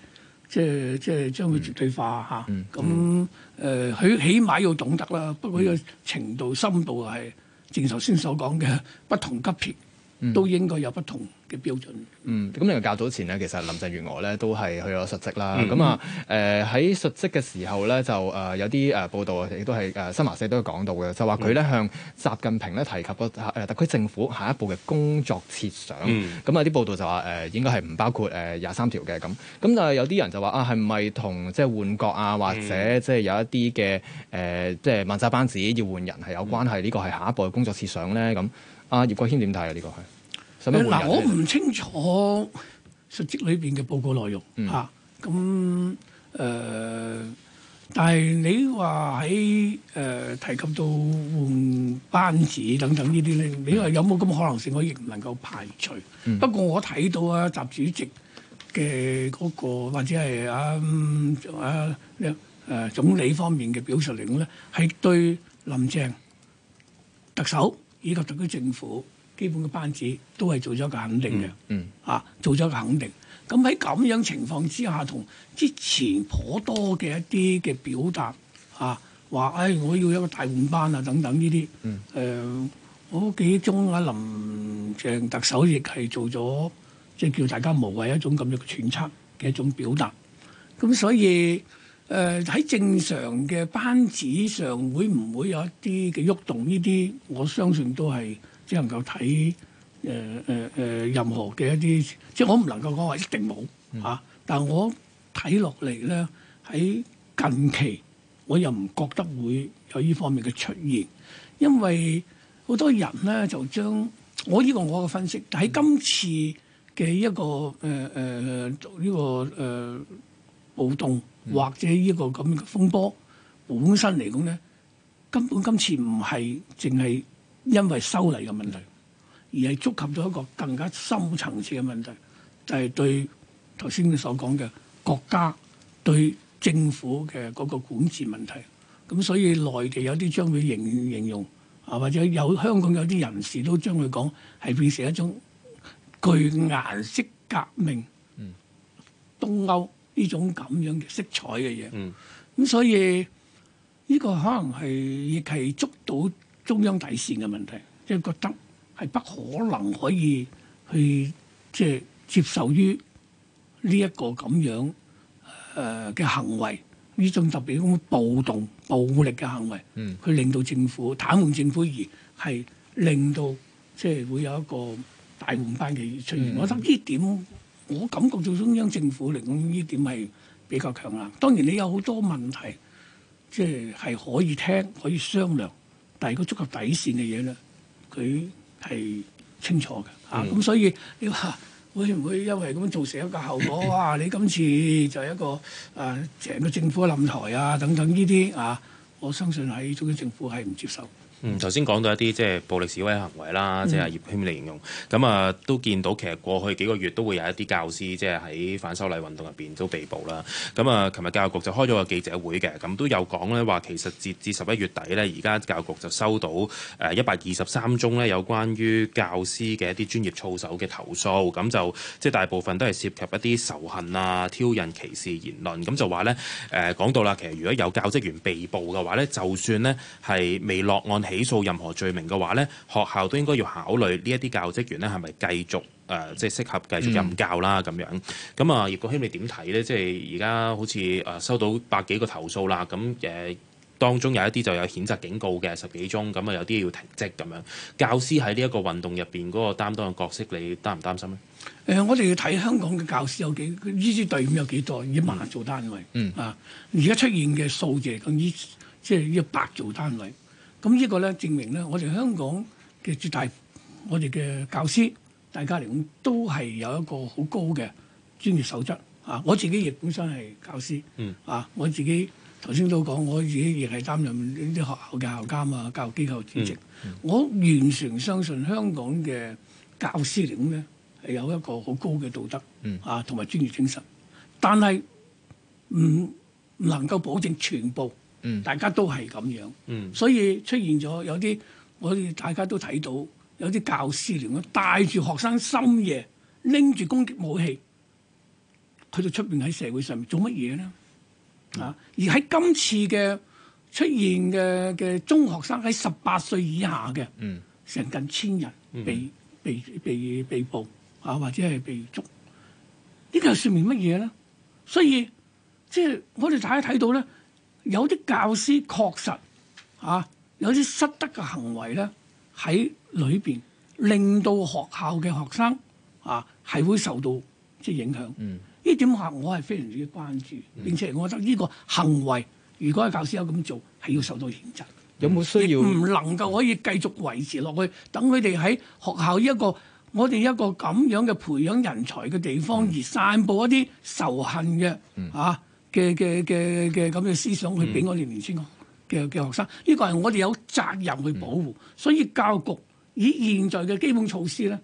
即係即係將佢絕對化嚇。咁誒，佢起碼要懂得啦。不過呢個程度深度係正如頭先所講嘅不同級別。都應該有不同嘅標準。嗯，咁另外較早前呢，其實林鄭月娥呢都係去咗述職啦。咁啊、嗯，誒喺述職嘅時候呢，就、呃、誒有啲誒報道，亦都係新華社都有講到嘅，就話、是、佢呢向習近平咧提及特區政府下一步嘅工作設想。咁啊、嗯，啲報道就話誒、呃、應該係唔包括誒廿三條嘅咁。咁但係有啲人就話啊，係、呃、咪同即係換角啊，或者即係有一啲嘅誒，即係問責班子要換人係有關係？呢個係下一步嘅工作設想呢。咁。阿葉國謙點睇啊？呢個係，嗱我唔清楚述職裏邊嘅報告內容嚇。咁誒、嗯啊呃，但係你話喺誒提及到換班子等等呢啲咧，嗯、你話有冇咁嘅可能性？我亦唔能夠排除。嗯、不過我睇到啊，習主席嘅嗰、那個或者係啊啊誒、啊、總理方面嘅表述嚟講咧，係對林鄭特首。以及特區政府基本嘅班子都係做咗一個肯定嘅，嗯嗯、啊，做咗一個肯定。咁喺咁樣情況之下，同之前頗多嘅一啲嘅表達啊，話誒、哎，我要一個大換班啊，等等呢啲。誒、嗯呃，我記憶中啊，林鄭特首亦係做咗即係叫大家無謂一種咁樣嘅揣測嘅一種表達。咁所以。誒喺、呃、正常嘅班子上，會唔會有一啲嘅喐動？呢啲我相信都係只能夠睇誒誒誒任何嘅一啲，即係我唔能夠講話一定冇嚇、啊。但係我睇落嚟咧，喺近期我又唔覺得會有呢方面嘅出現，因為好多人咧就將我呢個我嘅分析喺今次嘅一個誒誒呢個誒、呃、暴動。或者呢個咁嘅風波本身嚟講咧，根本今次唔係淨係因為修例嘅問題，而係觸及咗一個更加深層次嘅問題，就係、是、對頭先你所講嘅國家對政府嘅嗰個管治問題。咁所以內地有啲將佢形形容啊，或者有香港有啲人士都將佢講係變成一種巨顏色革命，東歐。呢種咁樣嘅色彩嘅嘢，咁、嗯、所以呢、呢個可能係亦係捉到中央底線嘅問題，即、就、係、是、覺得係不可能可以去即係、就是、接受於呢一個咁樣誒嘅、呃、行為，呢種特別咁暴動暴力嘅行為，嗯、去令到政府、癱瘓政府而係令到即係、就是、會有一個大換班嘅出現，嗯、我覺得呢點。我感覺到中央政府嚟講，呢點係比較強硬。當然你有好多問題，即係係可以聽可以商量，但係觸及底線嘅嘢咧，佢係清楚嘅㗎。咁、嗯啊、所以你話會唔會因為咁造成一個後果？哇！你今次就係一個誒，成、啊、個政府嘅冧檯啊，等等呢啲啊，我相信喺中央政府係唔接受。嗯，頭先講到一啲即係暴力示威行為啦，即係葉謙嚟形容，咁啊、嗯、都見到其實過去幾個月都會有一啲教師即係喺反修例運動入邊都被捕啦。咁啊，琴日教育局就開咗個記者會嘅，咁都有講咧話其實截至十一月底咧，而家教育局就收到誒一百二十三宗咧有關於教師嘅一啲專業操守嘅投訴，咁就即係大部分都係涉及一啲仇恨啊、挑釁歧視言論，咁就話咧誒講到啦，其實如果有教職員被捕嘅話咧，就算咧係未落案。起訴任何罪名嘅話咧，學校都應該要考慮呢一啲教職員咧係咪繼續誒、呃，即係適合繼續任教啦。咁、嗯、樣咁啊，葉國謙你點睇咧？即係而家好似誒收到百幾個投訴啦，咁誒當中有一啲就有譴責警告嘅十幾宗，咁啊有啲要停職咁樣。教師喺呢一個運動入邊嗰個擔當嘅角色，你擔唔擔心咧？誒、呃，我哋要睇香港嘅教師有幾呢支隊伍有幾多？以萬做單位，嗯啊，而家出現嘅數字咁，依即係依百做單位。咁呢個咧證明咧，我哋香港嘅絕大我哋嘅教師，大家嚟講都係有一個好高嘅專業守則啊！我自己亦本身係教師啊，我自己頭先都講，我自己亦係擔任呢啲學校嘅校監啊、教育機構主席。嗯嗯、我完全相信香港嘅教師嚟講咧，係有一個好高嘅道德、嗯、啊，同埋專業精神，但係唔唔能夠保證全部。嗯，大家都係咁樣，嗯、所以出現咗有啲，我哋大家都睇到有啲教師連帶住學生深夜拎住攻擊武器，佢就出邊喺社會上面做乜嘢咧？嗯、啊！而喺今次嘅出現嘅嘅中學生喺十八歲以下嘅，成、嗯、近千人被、嗯、被被被、被捕啊，或者係被捉，這個、說呢個又説明乜嘢咧？所以即係我哋大家睇到咧。有啲教師確實啊，有啲失德嘅行為咧喺裏邊，令到學校嘅學生啊係會受到即係、就是、影響。呢、嗯、點下我我係非常之關注，嗯、並且我覺得呢個行為，如果係教師有咁做，係要受到譴責。有冇需要？唔能夠可以繼續維持落去，等佢哋喺學校一個我哋一個咁樣嘅培養人才嘅地方，嗯、而散佈一啲仇恨嘅啊。嗯嘅嘅嘅嘅咁嘅思想去俾我哋年青嘅嘅學生，呢個係我哋有責任去保護，嗯、所以教育局以現在嘅基本措施咧，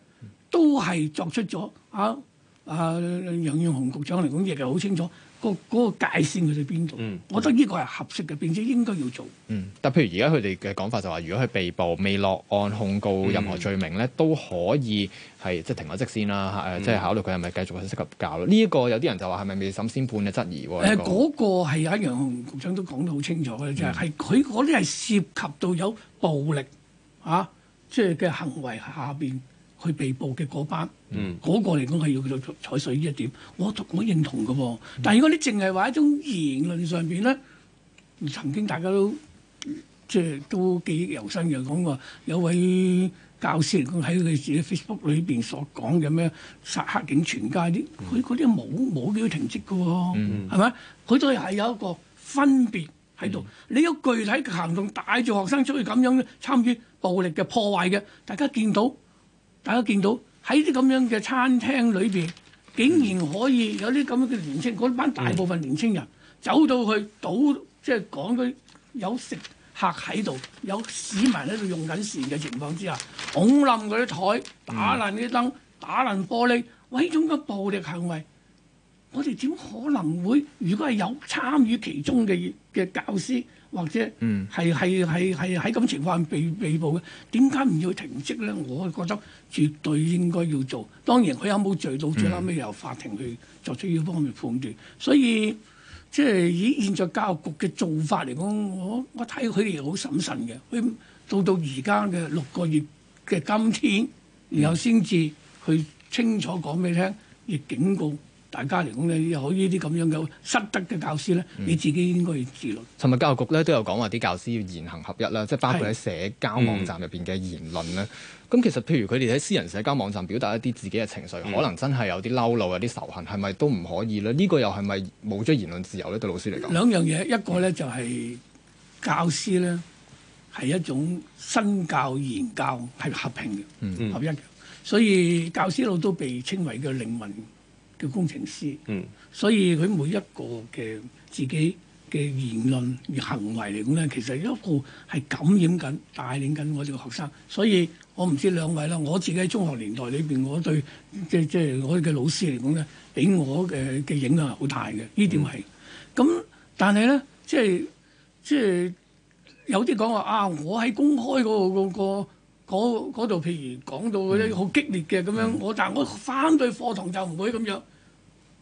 都係作出咗啊！啊楊潤雄局長嚟講，亦係好清楚。個嗰界線去到邊度？嗯、我覺得呢個係合適嘅，並且應該要做。嗯，但譬如而家佢哋嘅講法就話、係，如果佢被捕未落案控告任何罪名咧，嗯、都可以係即係停咗職先啦。誒，即係、啊嗯、考慮佢係咪繼續適合教？呢、呢、一個有啲人就話係咪未審先判嘅質疑？誒、呃，嗰、嗰個係、呃、有一樣，局長都講得好清楚嘅，嗯、就係係佢嗰啲係涉及到有暴力啊，即係嘅行為下邊。去被捕嘅嗰班，嗰、嗯、個嚟講係要佢哋採取呢一點，我我認同嘅、哦。但係如果你淨係話一種言論上邊咧，曾經大家都即係、呃、都記憶猶新嘅講話，有位教師嚟講喺佢自己 Facebook 裏邊所講嘅咩殺黑警全街啲，佢嗰啲冇冇幾多停職嘅喎，係咪、嗯？佢都係有一個分別喺度。嗯、你有具體嘅行動帶住學生出去咁樣參與暴力嘅破壞嘅，大家見到。大家見到喺啲咁樣嘅餐廳裏邊，竟然可以有啲咁樣嘅年青，嗰班大部分年青人、嗯、走到去堵，即係講句有食客喺度，有市民喺度用緊膳嘅情況之下，拱冧嗰啲枱，打爛啲燈，打爛玻璃，嗰種嘅暴力行為，我哋點可能會？如果係有參與其中嘅嘅教師？或者係係係係喺咁情況被被捕嘅，點解唔要停職咧？我覺得絕對應該要做。當然佢有冇罪到最後尾由法庭去作出呢方面判斷。嗯、所以即係以現在教育局嘅做法嚟講，我我睇佢哋好審慎嘅。佢到到而家嘅六個月嘅今天，然後先至去清楚講俾你聽，亦警告。大家嚟講你可以呢啲咁樣嘅失德嘅教師咧，嗯、你自己應該要自律。尋日教育局咧都有講話啲教師要言行合一啦，即係包括喺社交網站入邊嘅言論啦。咁、嗯、其實譬如佢哋喺私人社交網站表達一啲自己嘅情緒，嗯、可能真係有啲嬲怒、有啲仇恨，係咪都唔可以咧？呢、呢個又係咪冇咗言論自由咧？對老師嚟講，兩樣嘢，一個咧就係教師咧係、嗯、一種身教言教係和平嘅、嗯、合一嘅，所以教師路都被稱為嘅靈魂。叫工程師，嗯、所以佢每一個嘅自己嘅言論與行為嚟講咧，其實一步係感染緊帶領緊我哋嘅學生。所以我唔知兩位啦，我自己喺中學年代裏邊，我對即係即係我哋嘅老師嚟講咧，俾我嘅嘅影響係好大嘅。呢點係，咁、嗯，但係咧，即係即係有啲講話啊，我喺公開個、嗰個個。嗰個嗰度，譬、嗯、如講到啲好激烈嘅咁樣，嗯、我但係我反對課堂就唔會咁樣。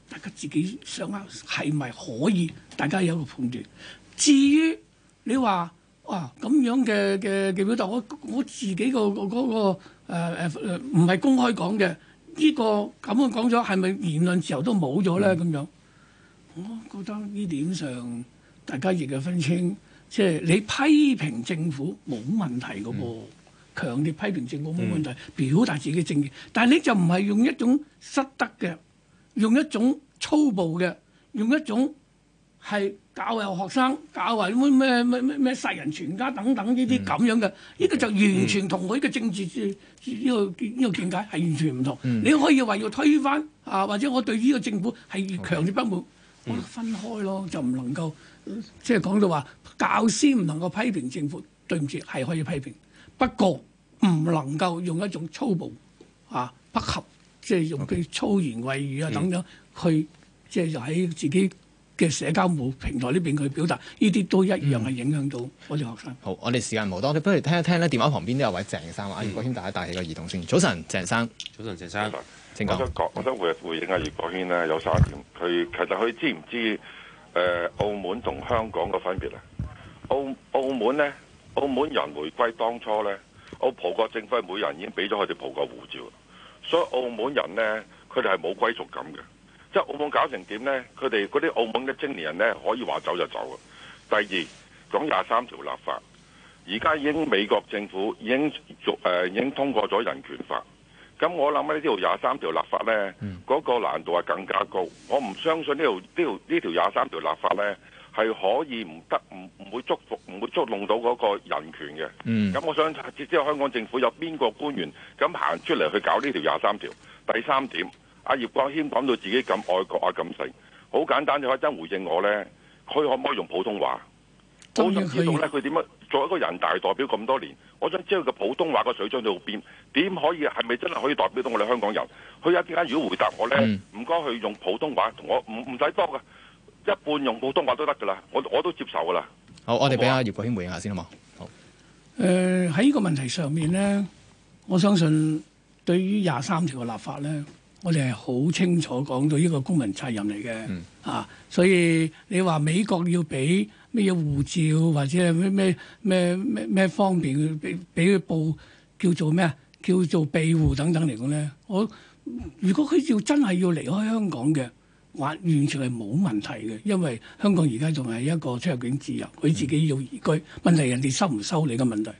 大家自己想下係咪可以？大家有個判斷。至於你話啊咁樣嘅嘅嘅表達，我我自己、那個嗰、那個誒唔係公開講嘅呢、這個咁樣講咗係咪言論自由都冇咗咧？咁、嗯、樣我覺得呢點上大家亦有分清，即、就、係、是、你批評政府冇問題嘅噃、那個。嗯強烈批評政府冇問題，嗯、表達自己政見，但係你就唔係用一種失德嘅，用一種粗暴嘅，用一種係教壞學生、教壞咩咩咩咩殺人全家等等呢啲咁樣嘅，呢、嗯、個就完全同佢嘅政治呢、嗯呢個呢、呢個見解係完全唔同。嗯、你可以話要推翻啊，或者我對呢個政府係強烈不滿，okay. 嗯、我分開咯，就唔能夠即係、就是、講到話教師唔能夠批評政府。對唔住，係可以批評。不過唔能夠用一種粗暴啊、不合，即係用佢粗言穢語啊等樣 Okay. 去，即係就喺自己嘅社交網平台呢邊去表達，呢啲都一樣係影響到我哋學生。嗯、好，我哋時間無多，你不如聽一聽咧，電話旁邊都有位鄭生喎，阿、嗯、國謙大家帶起個兒童聲。早晨，鄭生。早晨，鄭生。請安安講我覺得。我想講，回回應阿葉國謙呢，有三點。佢其實佢知唔知誒澳門同香港嘅分別咧？澳澳，澳門呢。澳門人回歸當初呢，澳葡國政府每人已經俾咗佢哋葡國護照，所以澳門人呢，佢哋係冇歸屬感嘅。即係澳門搞成點呢？佢哋嗰啲澳門嘅青年人呢，可以話走就走。第二，講廿三條立法，而家已經美國政府已經做誒、呃，已經通過咗人權法。咁我諗喺呢條廿三條立法呢，嗰、嗯、個難度係更加高。我唔相信呢條呢條呢條廿三條立法呢。係可以唔得，唔唔會觸服，唔會觸動到嗰個人權嘅。咁、嗯、我想知知香港政府有邊個官員咁行出嚟去搞呢條廿三條？第三點，阿葉國謙講到自己咁愛國啊咁細，好簡單就可真回應我呢：「佢可唔可以用普通話？嗯、我想知道呢，佢點樣做一個人大代表咁多年，我想知佢嘅普通話嘅水準到邊？點可以係咪真係可以代表到我哋香港人？佢有啲乜？如果回答我呢：嗯「唔該佢用普通話同我，唔唔使多噶。一半用普通話都得噶啦，我我都接受噶啦好。好，我哋俾阿葉國謙回應下先好嘛。好，誒喺呢個問題上面咧，我相信對於廿三條嘅立法咧，我哋係好清楚講到呢個公民責任嚟嘅。嗯。啊，所以你話美國要俾咩嘢護照或者係咩咩咩咩咩方便俾俾佢報叫做咩？叫做庇護等等嚟講咧，我如果佢要真係要離開香港嘅。完全係冇問題嘅，因為香港而家仲係一個出入境自由，佢自己要移居，問題係人哋收唔收你嘅問題。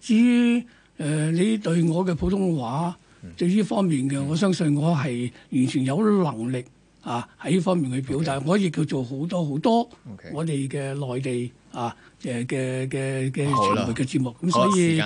至於誒、呃、你對我嘅普通話，就呢、嗯、方面嘅，嗯、我相信我係完全有能力啊喺呢方面去表達。Okay. 我亦叫做好多好多 Okay. 我哋嘅內地啊嘅嘅嘅傳媒嘅節目咁，了所以。